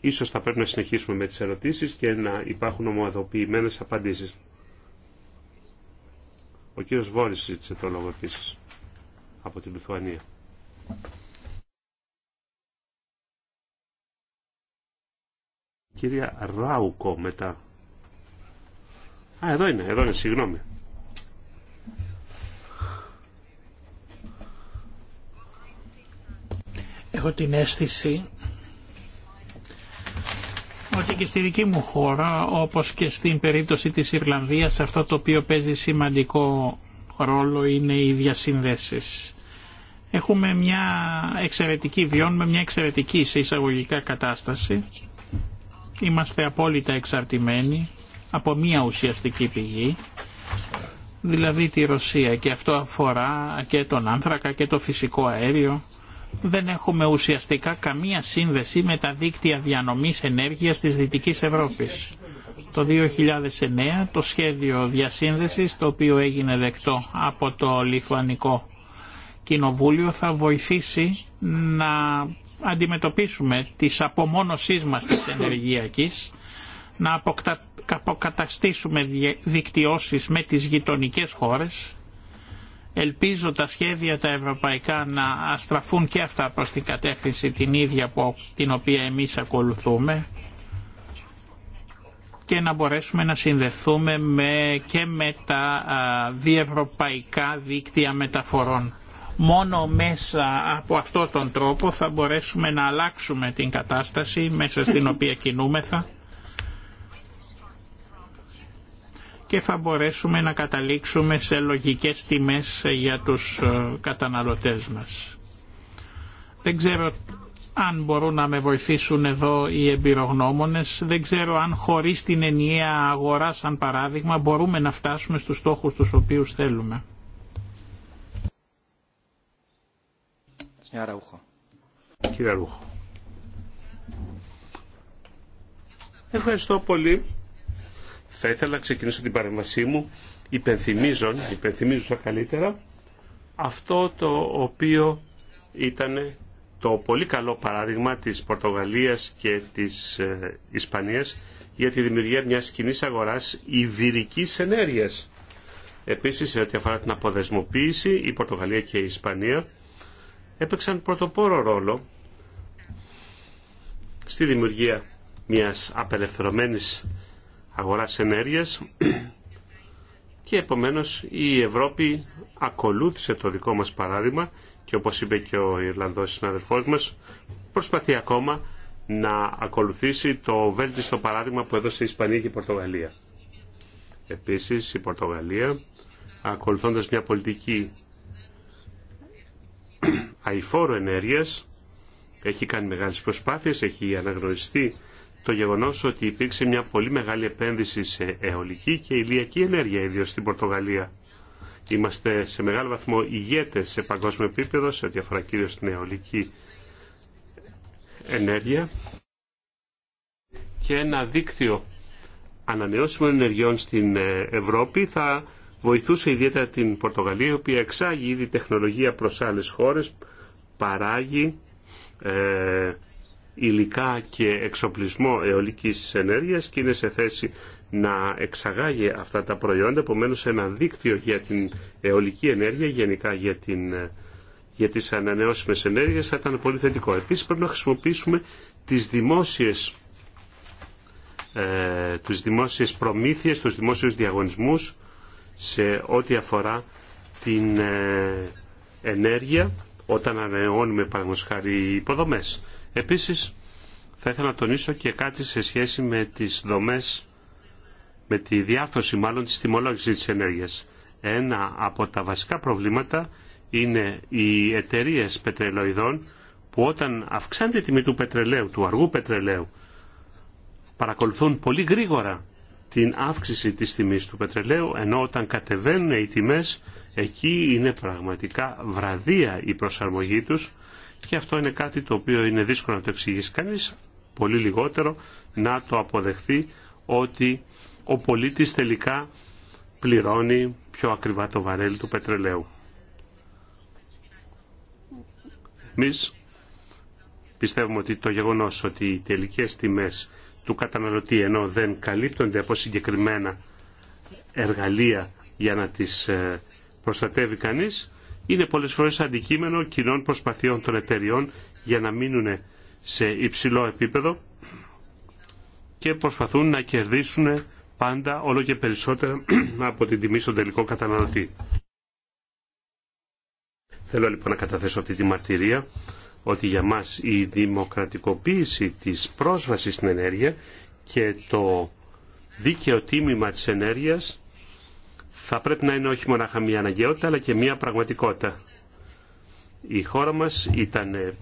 ίσως θα πρέπει να συνεχίσουμε με τις ερωτήσεις και να υπάρχουν ομοδοποιημένες απαντήσεις. Ο κύριος Βόρης ζήτησε το λόγο επίσης από την Λιθουανία. Κυρία Ράουκο μετά. Α, εδώ είναι, εδώ είναι, συγγνώμη. Έχω την αίσθηση ότι και στη δική μου χώρα, όπως και στην περίπτωση της Ιρλανδίας, αυτό το οποίο παίζει σημαντικό ρόλο είναι οι διασυνδέσεις. Έχουμε μια εξαιρετική, βιώνουμε μια εξαιρετική σε εισαγωγικά κατάσταση. Είμαστε απόλυτα εξαρτημένοι από μια ουσιαστική πηγή, δηλαδή τη Ρωσία και αυτό αφορά και τον άνθρακα και το φυσικό αέριο. Δεν έχουμε ουσιαστικά καμία σύνδεση με τα δίκτυα διανομής ενέργειας της Δυτικής Ευρώπης. Το 2009 το σχέδιο διασύνδεσης το οποίο έγινε δεκτό από το Λιθουανικό Κοινοβούλιο θα βοηθήσει να αντιμετωπίσουμε τις απομόνωσή μας της ενεργειακής, να αποκαταστήσουμε δικτυώσεις με τις γειτονικές χώρες. Ελπίζω τα σχέδια τα ευρωπαϊκά να αστραφούν και αυτά προς την κατεύθυνση την ίδια από την οποία εμείς ακολουθούμε και να μπορέσουμε να συνδεθούμε και με τα διευρωπαϊκά δίκτυα μεταφορών. Μόνο μέσα από αυτό τον τρόπο θα μπορέσουμε να αλλάξουμε την κατάσταση μέσα στην οποία κινούμεθα και θα μπορέσουμε να καταλήξουμε σε λογικές τιμές για τους ε, καταναλωτές μας. Δεν ξέρω αν μπορούν να με βοηθήσουν εδώ οι εμπειρογνώμονες, δεν ξέρω αν χωρίς την ενιαία αγορά σαν παράδειγμα μπορούμε να φτάσουμε στους στόχους τους οποίους θέλουμε. Κύριε Ευχαριστώ πολύ. Θα ήθελα να ξεκινήσω την παρέμβασή μου Υπενθυμίζω, υπενθυμίζουσα καλύτερα, αυτό το οποίο ήταν το πολύ καλό παράδειγμα της Πορτογαλίας και της ε, Ισπανίας για τη δημιουργία μιας κοινή αγοράς ιβυρικής ενέργειας. Επίσης, σε ό,τι αφορά την αποδεσμοποίηση, η Πορτογαλία και η Ισπανία έπαιξαν πρωτοπόρο ρόλο στη δημιουργία μιας απελευθερωμένης αγοράς ενέργειας και επομένως η Ευρώπη ακολούθησε το δικό μας παράδειγμα και όπως είπε και ο Ιρλανδός συναδελφός μας προσπαθεί ακόμα να ακολουθήσει το βέλτιστο παράδειγμα που έδωσε η Ισπανία και η Πορτογαλία. Επίσης η Πορτογαλία ακολουθώντας μια πολιτική αηφόρο ενέργεια Έχει κάνει μεγάλες προσπάθειες, έχει αναγνωριστεί το γεγονός ότι υπήρξε μια πολύ μεγάλη επένδυση σε αιωλική και ηλιακή ενέργεια, ιδίως στην Πορτογαλία. Είμαστε σε μεγάλο βαθμό ηγέτες σε παγκόσμιο επίπεδο, σε ό,τι αφορά κυρίως την αιωλική ενέργεια και ένα δίκτυο ανανεώσιμων ενεργειών στην ε, Ευρώπη θα βοηθούσε ιδιαίτερα την Πορτογαλία, η οποία εξάγει ήδη τεχνολογία προς άλλες χώρες, παράγει ε, υλικά και εξοπλισμό αιωλικής ενέργειας και είναι σε θέση να εξαγάγει αυτά τα προϊόντα, επομένως ένα δίκτυο για την αιωλική ενέργεια, γενικά για, την, ε, για τις ανανεώσιμες ενέργειες θα ήταν πολύ θετικό. Επίσης πρέπει να χρησιμοποιήσουμε τις δημόσιες, ε, τους δημόσιες προμήθειες, τους δημόσιους διαγωνισμούς σε ό,τι αφορά την ε, ενέργεια όταν ανανεώνουμε παραδείγματος οι υποδομές. Επίσης, θα ήθελα να τονίσω και κάτι σε σχέση με τις δομές, με τη διάρθρωση μάλλον της τιμολόγηση της ενέργειας. Ένα από τα βασικά προβλήματα είναι οι εταιρείε πετρελοειδών που όταν αυξάνεται η τιμή του πετρελαίου, του αργού πετρελαίου, παρακολουθούν πολύ γρήγορα την αύξηση της τιμής του πετρελαίου, ενώ όταν κατεβαίνουν οι τιμές Εκεί είναι πραγματικά βραδία η προσαρμογή τους και αυτό είναι κάτι το οποίο είναι δύσκολο να το εξηγήσει κανείς, πολύ λιγότερο να το αποδεχθεί ότι ο πολίτης τελικά πληρώνει πιο ακριβά το βαρέλι του πετρελαίου. Εμεί πιστεύουμε ότι το γεγονός ότι οι τελικές τιμές του καταναλωτή ενώ δεν καλύπτονται από συγκεκριμένα εργαλεία για να τις ε, προστατεύει κανείς είναι πολλές φορές αντικείμενο κοινών προσπαθειών των εταιριών για να μείνουν σε υψηλό επίπεδο και προσπαθούν να κερδίσουν πάντα όλο και περισσότερα από την τιμή στον τελικό καταναλωτή. Θέλω λοιπόν να καταθέσω αυτή τη μαρτυρία ότι για μας η δημοκρατικοποίηση της πρόσβασης στην ενέργεια και το δίκαιο τίμημα της ενέργειας θα πρέπει να είναι όχι μονάχα μια αναγκαιότητα αλλά και μια πραγματικότητα. Η χώρα μας ήταν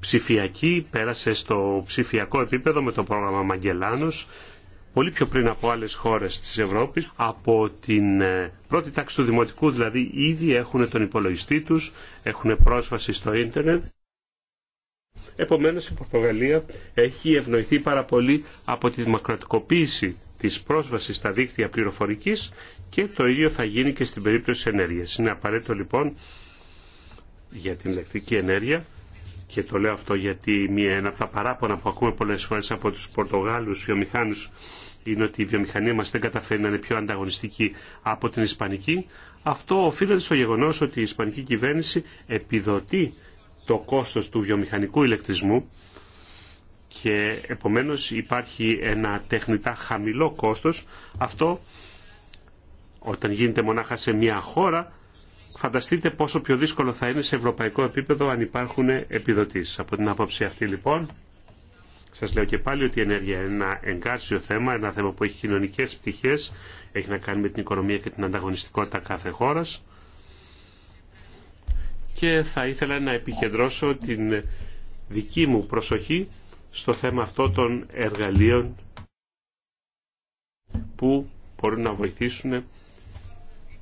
ψηφιακή, πέρασε στο ψηφιακό επίπεδο με το πρόγραμμα Μαγκελάνος πολύ πιο πριν από άλλες χώρες της Ευρώπης. Από την ε, πρώτη τάξη του Δημοτικού δηλαδή ήδη έχουν τον υπολογιστή τους, έχουν πρόσβαση στο ίντερνετ. Επομένως η Πορτογαλία έχει ευνοηθεί πάρα πολύ από τη δημοκρατικοποίηση της πρόσβασης στα δίκτυα πληροφορικής και το ίδιο θα γίνει και στην περίπτωση ενέργειας. Είναι απαραίτητο λοιπόν για την ηλεκτρική ενέργεια και το λέω αυτό γιατί μία, ένα από τα παράπονα που ακούμε πολλές φορές από τους Πορτογάλους βιομηχάνους είναι ότι η βιομηχανία μας δεν καταφέρει να είναι πιο ανταγωνιστική από την Ισπανική. Αυτό οφείλεται στο γεγονός ότι η Ισπανική κυβέρνηση επιδοτεί το κόστος του βιομηχανικού ηλεκτρισμού και επομένως υπάρχει ένα τεχνητά χαμηλό κόστος. Αυτό όταν γίνεται μονάχα σε μια χώρα φανταστείτε πόσο πιο δύσκολο θα είναι σε ευρωπαϊκό επίπεδο αν υπάρχουν επιδοτήσεις. Από την άποψη αυτή λοιπόν σας λέω και πάλι ότι η ενέργεια είναι ένα εγκάρσιο θέμα, ένα θέμα που έχει κοινωνικές πτυχές, έχει να κάνει με την οικονομία και την ανταγωνιστικότητα κάθε χώρας και θα ήθελα να επικεντρώσω την δική μου προσοχή στο θέμα αυτό των εργαλείων που μπορούν να βοηθήσουν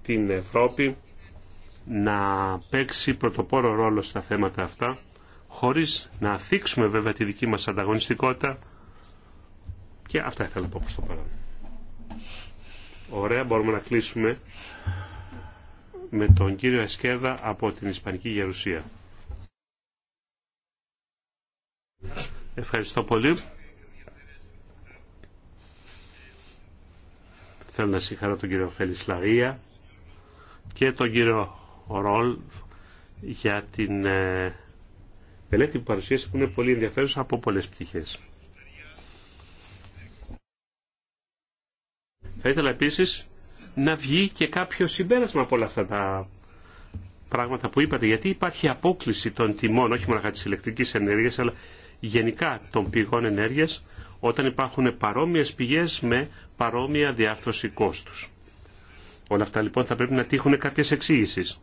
την Ευρώπη να παίξει πρωτοπόρο ρόλο στα θέματα αυτά χωρίς να θίξουμε βέβαια τη δική μας ανταγωνιστικότητα και αυτά ήθελα να πω προς το παρόν. Ωραία, μπορούμε να κλείσουμε με τον κύριο Εσκέδα από την Ισπανική Γερουσία. Ευχαριστώ πολύ. Θέλω να συγχαρώ τον κύριο Φελισλαρία και τον κύριο Ρόλ για την ε, μελέτη που παρουσίασε που είναι πολύ ενδιαφέρουσα από πολλές πτυχές. Θα ήθελα επίσης να βγει και κάποιο συμπέρασμα από όλα αυτά τα πράγματα που είπατε, γιατί υπάρχει απόκληση των τιμών, όχι μόνο της ηλεκτρικής ενέργειας, αλλά γενικά των πηγών ενέργειας όταν υπάρχουν παρόμοιες πηγές με παρόμοια διάρθρωση κόστους. Όλα αυτά λοιπόν θα πρέπει να τύχουν κάποιες εξήγησεις.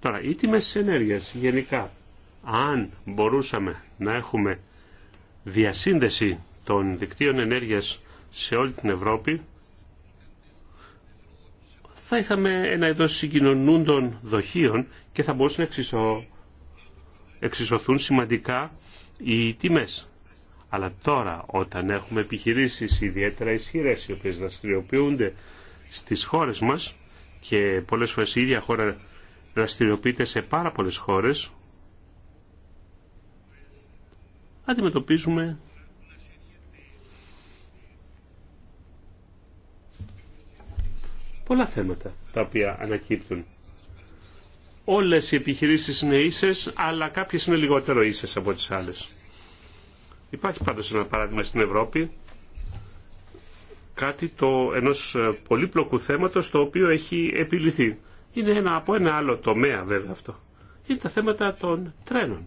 Τώρα, οι τιμές της ενέργειας γενικά, αν μπορούσαμε να έχουμε διασύνδεση των δικτύων ενέργειας σε όλη την Ευρώπη, θα είχαμε ένα είδο συγκοινωνούντων δοχείων και θα μπορούσαν να εξισω... εξισωθούν σημαντικά οι τιμές. Αλλά τώρα όταν έχουμε επιχειρήσεις ιδιαίτερα ισχυρές οι οποίες δραστηριοποιούνται στις χώρες μας και πολλές φορές η ίδια χώρα δραστηριοποιείται σε πάρα πολλές χώρες αντιμετωπίζουμε πολλά θέματα τα οποία ανακύπτουν. Όλες οι επιχειρήσεις είναι ίσες, αλλά κάποιες είναι λιγότερο ίσες από τις άλλες. Υπάρχει πάντως ένα παράδειγμα στην Ευρώπη, κάτι το ενός ε, πολύπλοκου θέματος το οποίο έχει επιληθεί. Είναι ένα από ένα άλλο τομέα βέβαια αυτό. Είναι τα θέματα των τρένων.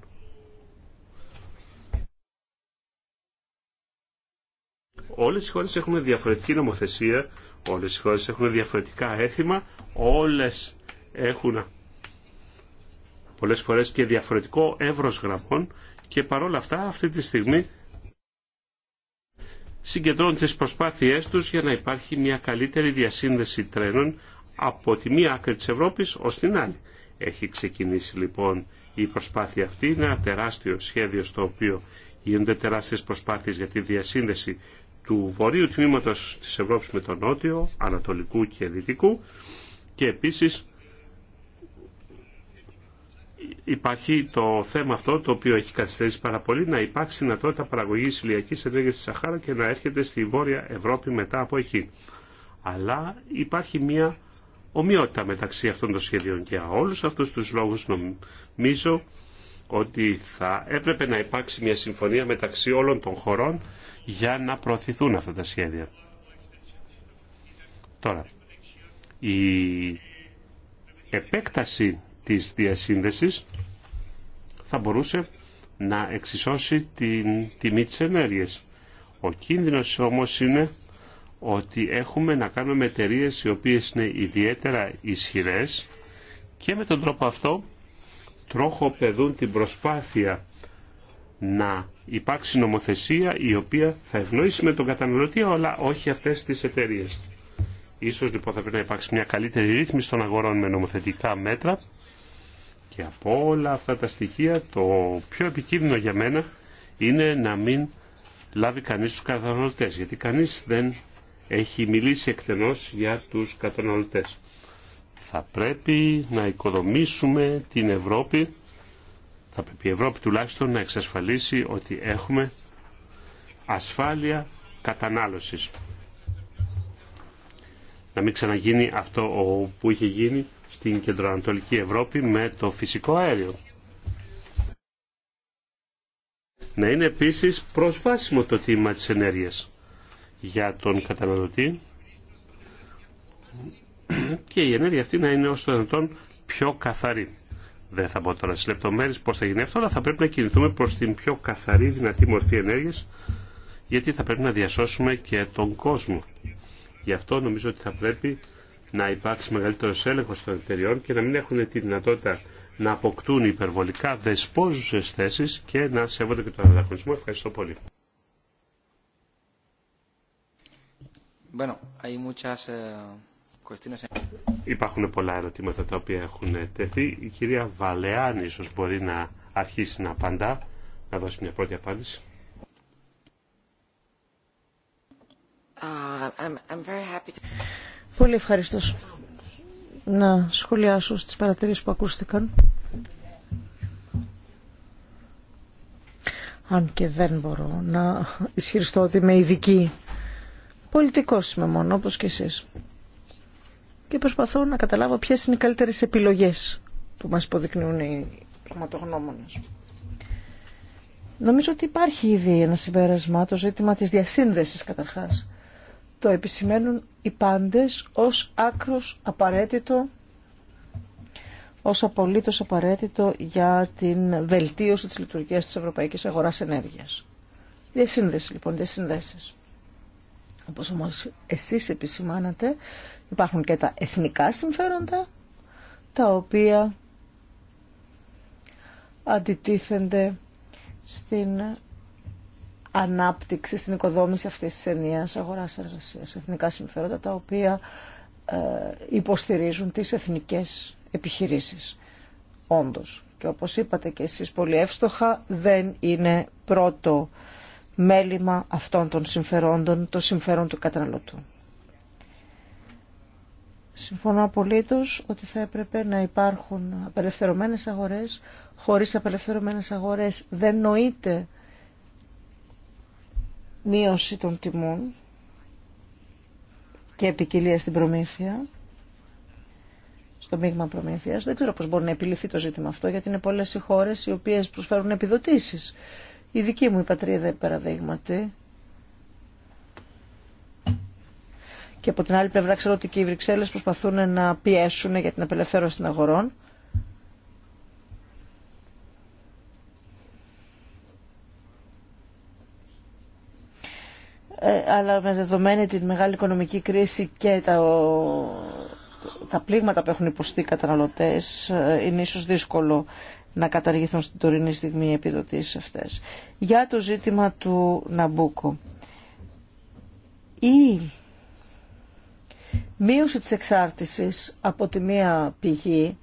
Όλες οι χώρες έχουν διαφορετική νομοθεσία Όλες οι χώρες έχουν διαφορετικά έθιμα, όλες έχουν πολλές φορές και διαφορετικό εύρος γραμμών και παρόλα αυτά αυτή τη στιγμή συγκεντρώνουν τις προσπάθειές τους για να υπάρχει μια καλύτερη διασύνδεση τρένων από τη μία άκρη της Ευρώπης ως την άλλη. Έχει ξεκινήσει λοιπόν η προσπάθεια αυτή, είναι ένα τεράστιο σχέδιο στο οποίο γίνονται τεράστιες προσπάθειες για τη διασύνδεση του βορείου τμήματος της Ευρώπης με τον νότιο, ανατολικού και δυτικού και επίσης υπάρχει το θέμα αυτό το οποίο έχει καθυστερήσει πάρα πολύ να υπάρξει δυνατότητα παραγωγής ηλιακής ενέργειας στη Σαχάρα και να έρχεται στη Βόρεια Ευρώπη μετά από εκεί. Αλλά υπάρχει μια ομοιότητα μεταξύ αυτών των σχεδίων και όλους αυτούς τους λόγους νομίζω ότι θα έπρεπε να υπάρξει μια συμφωνία μεταξύ όλων των χωρών για να προωθηθούν αυτά τα σχέδια. Τώρα, η επέκταση της διασύνδεσης θα μπορούσε να εξισώσει την τιμή της ενέργειας. Ο κίνδυνος όμως είναι ότι έχουμε να κάνουμε με εταιρείε οι οποίες είναι ιδιαίτερα ισχυρές και με τον τρόπο αυτό τροχοπεδούν την προσπάθεια να υπάρξει νομοθεσία η οποία θα ευνοήσει με τον καταναλωτή αλλά όχι αυτές τις εταιρείε. Ίσως λοιπόν θα πρέπει να υπάρξει μια καλύτερη ρύθμιση των αγορών με νομοθετικά μέτρα και από όλα αυτά τα στοιχεία το πιο επικίνδυνο για μένα είναι να μην λάβει κανείς τους καταναλωτές γιατί κανείς δεν έχει μιλήσει εκτενώς για τους καταναλωτές. Θα πρέπει να οικοδομήσουμε την Ευρώπη, θα πρέπει η Ευρώπη τουλάχιστον να εξασφαλίσει ότι έχουμε ασφάλεια κατανάλωσης. Να μην ξαναγίνει αυτό που είχε γίνει στην κεντροανατολική Ευρώπη με το φυσικό αέριο. Να είναι επίσης προσβάσιμο το τίμημα της ενέργειας για τον καταναλωτή και η ενέργεια αυτή να είναι όσο το δυνατόν πιο καθαρή. Δεν θα πω τώρα στι λεπτομέρειε πώ θα γίνει αυτό, αλλά θα πρέπει να κινηθούμε προ την πιο καθαρή δυνατή μορφή ενέργεια, γιατί θα πρέπει να διασώσουμε και τον κόσμο. Γι' αυτό νομίζω ότι θα πρέπει να υπάρξει μεγαλύτερο έλεγχο των εταιριών και να μην έχουν τη δυνατότητα να αποκτούν υπερβολικά δεσπόζουσε θέσει και να σέβονται και τον ανταγωνισμό. Ευχαριστώ πολύ. Bueno, hay muchas, eh, Υπάρχουν πολλά ερωτήματα τα οποία έχουν τεθεί. Η κυρία Βαλεάν ίσως μπορεί να αρχίσει να απαντά, να δώσει μια πρώτη απάντηση. Πολύ ευχαριστώ να σχολιάσω στις παρατηρήσεις που ακούστηκαν. Αν και δεν μπορώ να ισχυριστώ ότι είμαι ειδική. Πολιτικός είμαι μόνο, όπως και εσείς και προσπαθώ να καταλάβω ποιες είναι οι καλύτερες επιλογές που μας υποδεικνύουν οι πραγματογνώμονε. Νομίζω ότι υπάρχει ήδη ένα συμπέρασμα, το ζήτημα της διασύνδεσης καταρχάς. Το επισημαίνουν οι πάντε ως άκρος απαραίτητο, ως απολύτως απαραίτητο για την βελτίωση της λειτουργίας της Ευρωπαϊκής Αγοράς Ενέργειας. Διασύνδεση λοιπόν, διασυνδέσεις. Όπως όμως εσείς επισημάνατε, Υπάρχουν και τα εθνικά συμφέροντα, τα οποία αντιτίθενται στην ανάπτυξη, στην οικοδόμηση αυτής της ενιαίας αγοράς εργασίας. Εθνικά συμφέροντα τα οποία ε, υποστηρίζουν τις εθνικές επιχειρήσεις. Όντως, και όπως είπατε και εσείς πολύ εύστοχα, δεν είναι πρώτο μέλημα αυτών των συμφερόντων το συμφέρον του καταναλωτού. Συμφωνώ απολύτως ότι θα έπρεπε να υπάρχουν απελευθερωμένες αγορές. Χωρίς απελευθερωμένες αγορές δεν νοείται μείωση των τιμών και επικοινία στην προμήθεια, στο μείγμα προμήθειας. Δεν ξέρω πώς μπορεί να επιληθεί το ζήτημα αυτό, γιατί είναι πολλές οι χώρες οι οποίες προσφέρουν επιδοτήσεις. Η δική μου η πατρίδα, παραδείγματι, και από την άλλη πλευρά ξέρω ότι και οι Βρυξέλλες προσπαθούν να πιέσουν για την απελευθέρωση των αγορών. Ε, αλλά με δεδομένη την μεγάλη οικονομική κρίση και τα, τα πλήγματα που έχουν υποστεί οι καταναλωτές ε, είναι ίσως δύσκολο να καταργηθούν στην τωρινή στιγμή οι επιδοτήσεις αυτές. Για το ζήτημα του Ναμπούκο μείωση της εξάρτησης από τη μία πηγή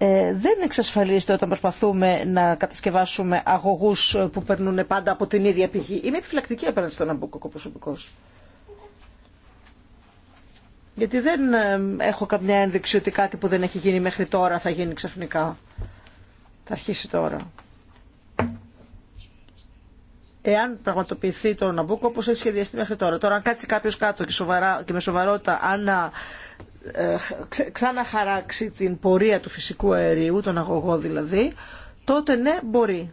Ε, δεν εξασφαλίζεται όταν προσπαθούμε να κατασκευάσουμε αγωγούς που περνούν πάντα από την ίδια πηγή. Είμαι επιφυλακτική απέναντι στον Αμπούκοκο Γιατί δεν ε, έχω καμιά ένδειξη ότι κάτι που δεν έχει γίνει μέχρι τώρα θα γίνει ξαφνικά. Θα αρχίσει τώρα εάν πραγματοποιηθεί το Ναμπούκο όπως έχει σχεδιαστεί μέχρι τώρα. Τώρα αν κάτσει κάποιος κάτω και, σοβαρά, με σοβαρότητα ε, ξαναχαράξει την πορεία του φυσικού αερίου, τον αγωγό δηλαδή, τότε ναι μπορεί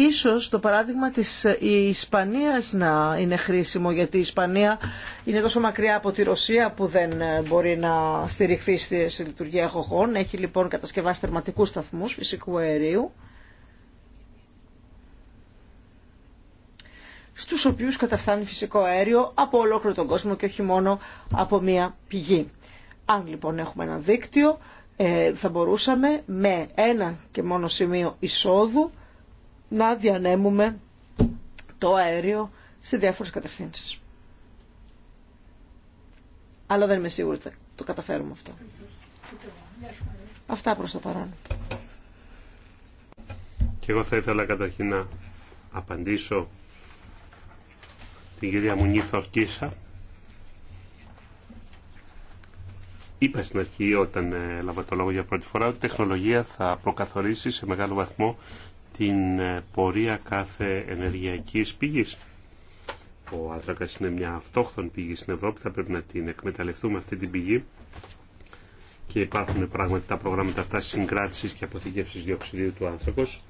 Ίσως το παράδειγμα της ε, Ισπανίας να είναι χρήσιμο γιατί η Ισπανία είναι τόσο μακριά από τη Ρωσία που δεν ε, μπορεί να στηριχθεί στη λειτουργία αγωγών. Έχει λοιπόν κατασκευάσει θερματικούς σταθμούς φυσικού αερίου στους οποίους καταφθάνει φυσικό αέριο από ολόκληρο τον κόσμο και όχι μόνο από μία πηγή. Αν λοιπόν έχουμε ένα δίκτυο ε, θα μπορούσαμε με ένα και μόνο σημείο εισόδου να διανέμουμε το αέριο σε διάφορες κατευθύνσεις. Αλλά δεν είμαι σίγουρη ότι θα το καταφέρουμε αυτό. Αυτά προς το παρόν. Και εγώ θα ήθελα καταρχήν να απαντήσω την κυρία Μουνή Θορκίσα. Είπα στην αρχή όταν ε, λάβα το λόγο για πρώτη φορά ότι η τεχνολογία θα προκαθορίσει σε μεγάλο βαθμό την ε, πορεία κάθε ενεργειακής πηγής. Ο άνθρακας είναι μια αυτόχθον πηγή στην Ευρώπη, θα πρέπει να την εκμεταλλευτούμε αυτή την πηγή και υπάρχουν πράγματι τα προγράμματα αυτά συγκράτησης και αποθηκεύσης διοξιδίου του άνθρακος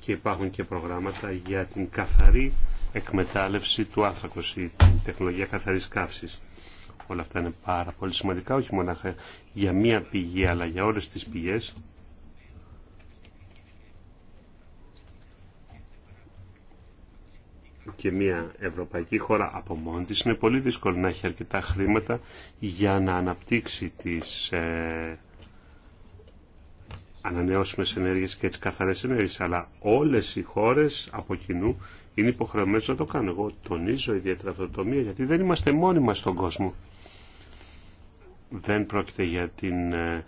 και υπάρχουν και προγράμματα για την καθαρή εκμετάλλευση του άνθρακος ή την τεχνολογία καθαρής καύσης. Όλα αυτά είναι πάρα πολύ σημαντικά, όχι μόνο για μία πηγή αλλά για όλες τις πηγές και μια ευρωπαϊκή χώρα από μόνη της είναι πολύ δύσκολο να έχει αρκετά χρήματα για να αναπτύξει τις ε, ανανεώσιμες ενέργειες και τις καθαρές ενέργειες. Αλλά όλες οι χώρες από κοινού είναι υποχρεωμένες να το κάνουν. Εγώ τονίζω ιδιαίτερα αυτό το τομείο γιατί δεν είμαστε μόνοι μας στον κόσμο. Δεν πρόκειται για την... Ε,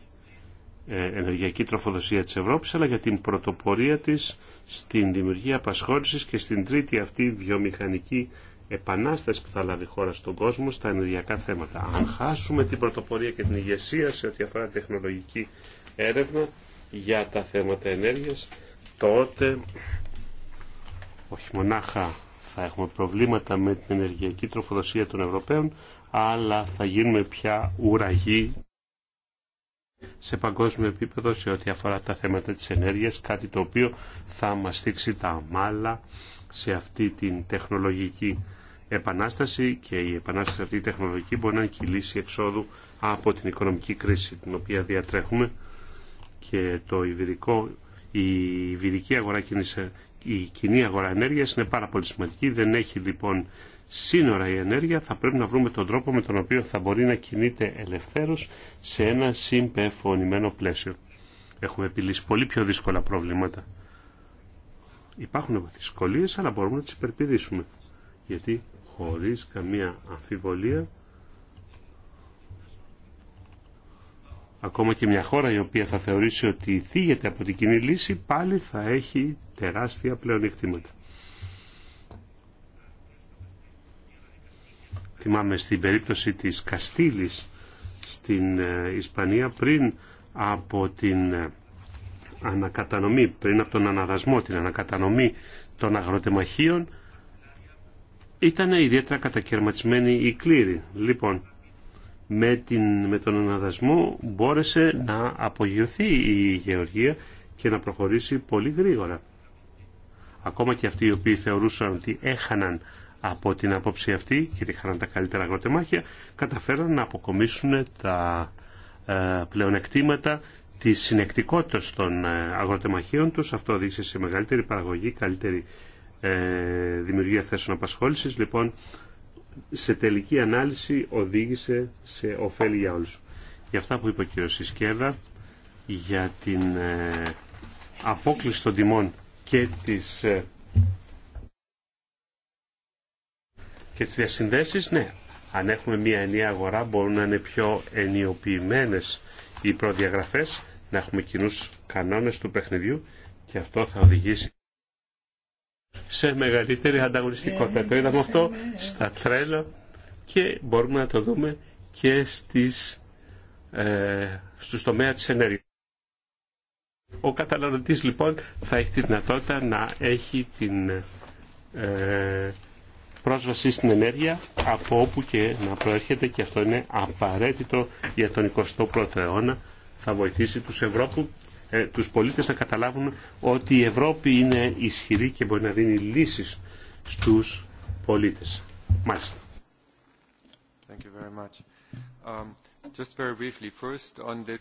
ε, ενεργειακή τροφοδοσία της Ευρώπης αλλά για την πρωτοπορία της στην δημιουργία απασχόλησης και στην τρίτη αυτή βιομηχανική επανάσταση που θα λάβει η χώρα στον κόσμο στα ενεργειακά θέματα. Αν χάσουμε την πρωτοπορία και την ηγεσία σε ό,τι αφορά τεχνολογική έρευνα για τα θέματα ενέργειας, τότε όχι μονάχα θα έχουμε προβλήματα με την ενεργειακή τροφοδοσία των Ευρωπαίων, αλλά θα γίνουμε πια ουραγοί σε παγκόσμιο επίπεδο σε ό,τι αφορά τα θέματα της ενέργειας, κάτι το οποίο θα μας στήξει τα μάλα σε αυτή την τεχνολογική επανάσταση και η επανάσταση αυτή η τεχνολογική μπορεί να είναι εξόδου από την οικονομική κρίση την οποία διατρέχουμε και το υβηρικό, η υβηρική αγορά η κοινή αγορά ενέργειας είναι πάρα πολύ σημαντική. Δεν έχει λοιπόν σύνορα η ενέργεια θα πρέπει να βρούμε τον τρόπο με τον οποίο θα μπορεί να κινείται ελευθέρως σε ένα συμπεφωνημένο πλαίσιο. Έχουμε επιλύσει πολύ πιο δύσκολα προβλήματα. Υπάρχουν δυσκολίε, αλλά μπορούμε να τις υπερπηδήσουμε. Γιατί χωρίς καμία αμφιβολία ακόμα και μια χώρα η οποία θα θεωρήσει ότι θίγεται από την κοινή λύση πάλι θα έχει τεράστια πλεονεκτήματα. Θυμάμαι στην περίπτωση της Καστήλης στην ε, Ισπανία πριν από την ε, ανακατανομή, πριν από τον αναδασμό, την ανακατανομή των αγροτεμαχίων ήταν ιδιαίτερα κατακαιρματισμένη η κλήρη. Λοιπόν, με, την, με τον αναδασμό μπόρεσε να απογειωθεί η γεωργία και να προχωρήσει πολύ γρήγορα. Ακόμα και αυτοί οι οποίοι θεωρούσαν ότι έχαναν από την άποψη αυτή, γιατί είχαν τα καλύτερα αγροτεμάχια, καταφέραν να αποκομίσουν τα ε, πλεονεκτήματα τη συνεκτικότητα των ε, αγροτεμαχίων τους. Αυτό οδήγησε σε μεγαλύτερη παραγωγή, καλύτερη ε, δημιουργία θέσεων απασχόλησης. Λοιπόν, σε τελική ανάλυση οδήγησε σε ωφέλη για όλους. Για αυτά που είπε ο κ. Σισκέδα για την απόκληση των τιμών και της και τις διασυνδέσεις, ναι. Αν έχουμε μια ενιαία αγορά μπορούν να είναι πιο ενιοποιημένες οι προδιαγραφές, να έχουμε κοινού κανόνες του παιχνιδιού και αυτό θα οδηγήσει σε μεγαλύτερη ανταγωνιστικότητα. Το είδαμε αυτό στα τρέλα και μπορούμε να το δούμε και στις, ε, στους τομέα της ενέργειας. Ο καταναλωτής λοιπόν θα έχει τη δυνατότητα να έχει την ε, πρόσβαση στην ενέργεια από όπου και να προέρχεται και αυτό είναι απαραίτητο για τον 21ο αιώνα. Θα βοηθήσει τους, Ευρώπου, ε, τους πολίτες να καταλάβουν ότι η Ευρώπη είναι ισχυρή και μπορεί να δίνει λύσεις στους πολίτες. Μάλιστα.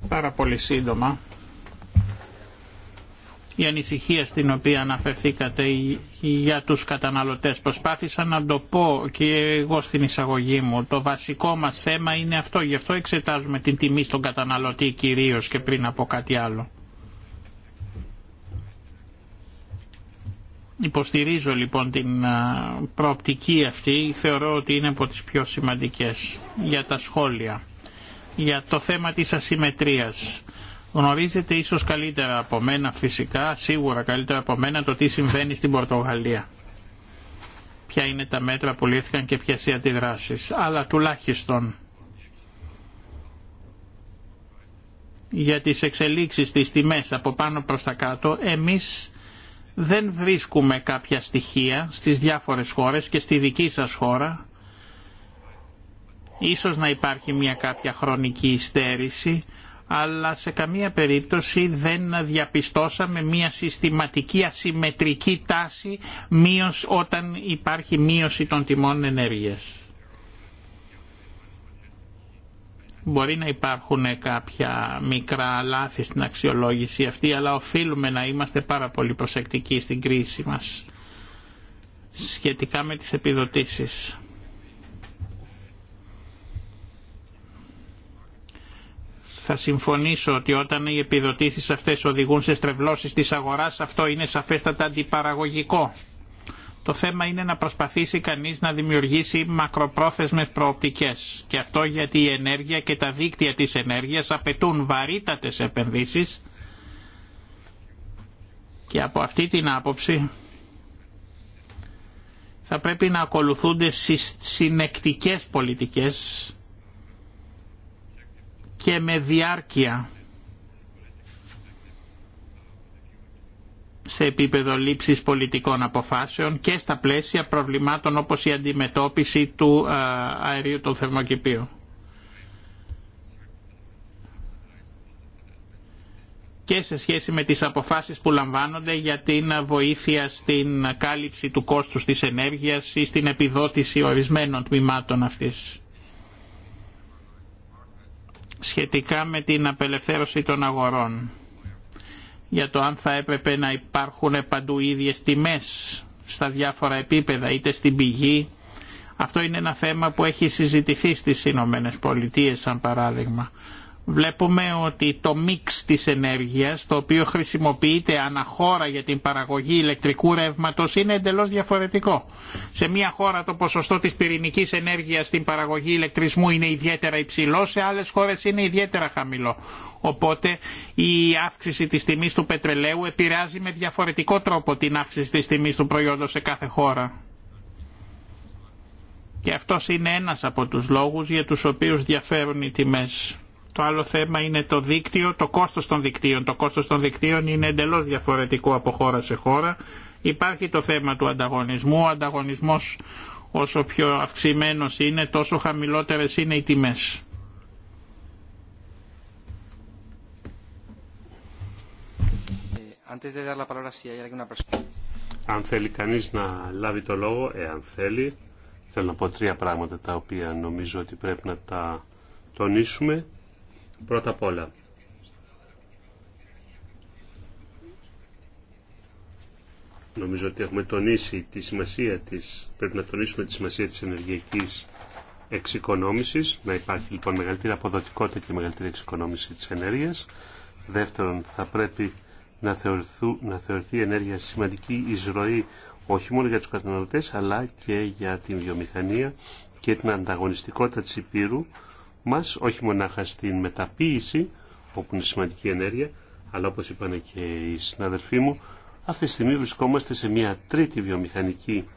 Πάρα πολύ σύντομα η ανησυχία στην οποία αναφερθήκατε για τους καταναλωτές. Προσπάθησα να το πω και εγώ στην εισαγωγή μου. Το βασικό μας θέμα είναι αυτό. Γι' αυτό εξετάζουμε την τιμή στον καταναλωτή κυρίως και πριν από κάτι άλλο. Υποστηρίζω λοιπόν την προοπτική αυτή. Θεωρώ ότι είναι από τις πιο σημαντικές για τα σχόλια. Για το θέμα της ασημετρίας. Γνωρίζετε ίσως καλύτερα από μένα φυσικά, σίγουρα καλύτερα από μένα το τι συμβαίνει στην Πορτογαλία. Ποια είναι τα μέτρα που λύθηκαν... και ποιες οι αντιδράσεις. Αλλά τουλάχιστον για τις εξελίξεις τη τιμές από πάνω προς τα κάτω, εμείς δεν βρίσκουμε κάποια στοιχεία στις διάφορες χώρες και στη δική σας χώρα. Ίσως να υπάρχει μια κάποια χρονική υστέρηση, αλλά σε καμία περίπτωση δεν διαπιστώσαμε μια συστηματική ασυμμετρική τάση όταν υπάρχει μείωση των τιμών ενέργειας. Μπορεί να υπάρχουν κάποια μικρά λάθη στην αξιολόγηση αυτή, αλλά οφείλουμε να είμαστε πάρα πολύ προσεκτικοί στην κρίση μας σχετικά με τις επιδοτήσεις. Θα συμφωνήσω ότι όταν οι επιδοτήσεις αυτές οδηγούν σε στρεβλώσεις της αγοράς αυτό είναι σαφέστατα αντιπαραγωγικό. Το θέμα είναι να προσπαθήσει κανείς να δημιουργήσει μακροπρόθεσμες προοπτικές και αυτό γιατί η ενέργεια και τα δίκτυα της ενέργειας απαιτούν βαρύτατες επενδύσεις και από αυτή την άποψη θα πρέπει να ακολουθούνται συνεκτικές πολιτικές και με διάρκεια σε επίπεδο λήψης πολιτικών αποφάσεων και στα πλαίσια προβλημάτων όπως η αντιμετώπιση του ε, αερίου των θερμοκηπίου. και σε σχέση με τις αποφάσεις που λαμβάνονται για την βοήθεια στην κάλυψη του κόστους της ενέργειας ή στην επιδότηση ορισμένων τμήματων αυτής σχετικά με την απελευθέρωση των αγορών για το αν θα έπρεπε να υπάρχουν παντού ίδιες τιμές στα διάφορα επίπεδα είτε στην πηγή αυτό είναι ένα θέμα που έχει συζητηθεί στις Ηνωμένε Πολιτείες σαν παράδειγμα βλέπουμε ότι το μίξ της ενέργειας το οποίο χρησιμοποιείται αναχώρα για την παραγωγή ηλεκτρικού ρεύματος είναι εντελώς διαφορετικό. Σε μια χώρα το ποσοστό της πυρηνικής ενέργειας στην παραγωγή ηλεκτρισμού είναι ιδιαίτερα υψηλό, σε άλλες χώρες είναι ιδιαίτερα χαμηλό. Οπότε η αύξηση της τιμής του πετρελαίου επηρεάζει με διαφορετικό τρόπο την αύξηση της τιμής του προϊόντος σε κάθε χώρα. Και αυτός είναι ένας από τους λόγους για τους οποίους διαφέρουν οι τιμές. Το άλλο θέμα είναι το δίκτυο, το κόστος των δικτύων. Το κόστος των δικτύων είναι εντελώς διαφορετικό από χώρα σε χώρα. Υπάρχει το θέμα του ανταγωνισμού. Ο ανταγωνισμός όσο πιο αυξημένος είναι τόσο χαμηλότερες είναι οι τιμές. Αν θέλει κανείς να λάβει το λόγο, εάν θέλει, θέλω να πω τρία πράγματα τα οποία νομίζω ότι πρέπει να τα τονίσουμε. Πρώτα απ' όλα, νομίζω ότι έχουμε τονίσει τη σημασία της, πρέπει να τονίσουμε τη σημασία της ενεργειακής εξοικονόμησης, να υπάρχει λοιπόν μεγαλύτερη αποδοτικότητα και μεγαλύτερη εξοικονόμηση της ενέργειας. Δεύτερον, θα πρέπει να, θεωρηθού, να θεωρηθεί η ενέργεια σημαντική εισρωή όχι μόνο για τους καταναλωτές αλλά και για την βιομηχανία και την ανταγωνιστικότητα της υπήρου μας, όχι μονάχα στην μεταποίηση, όπου είναι σημαντική ενέργεια, αλλά όπως είπαν και οι συναδελφοί μου, αυτή τη στιγμή βρισκόμαστε σε μια τρίτη βιομηχανική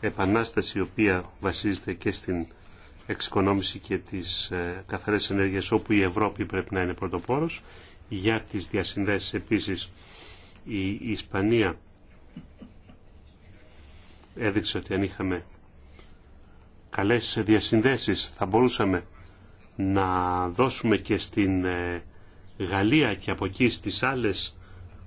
επανάσταση, η οποία βασίζεται και στην εξοικονόμηση και τις ε, καθαρές ενέργειες, όπου η Ευρώπη πρέπει να είναι πρωτοπόρος. Για τις διασυνδέσεις επίσης η Ισπανία έδειξε ότι αν είχαμε καλές διασυνδέσεις θα μπορούσαμε να δώσουμε και στην ε, Γαλλία και από εκεί στις άλλες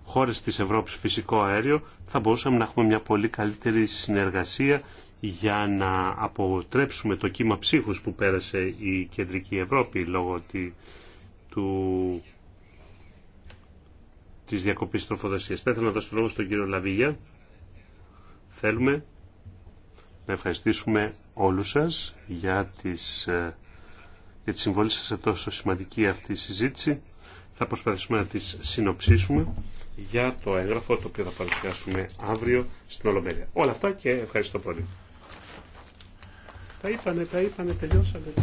χώρες της Ευρώπης φυσικό αέριο, θα μπορούσαμε να έχουμε μια πολύ καλύτερη συνεργασία για να αποτρέψουμε το κύμα ψύχους που πέρασε η Κεντρική Ευρώπη λόγω του, της διακοπής τροφοδοσίας. Θα ήθελα να δώσω το λόγο στον κύριο Λαβίγια. Θέλουμε να ευχαριστήσουμε όλους σας για τις ε, για τη συμβολή σας σε τόσο σημαντική αυτή η συζήτηση. Θα προσπαθήσουμε να τις συνοψίσουμε για το έγγραφο το οποίο θα παρουσιάσουμε αύριο στην Ολομέλεια. Όλα αυτά και ευχαριστώ πολύ. Τα είπανε, τα είπανε, τελειώσανε.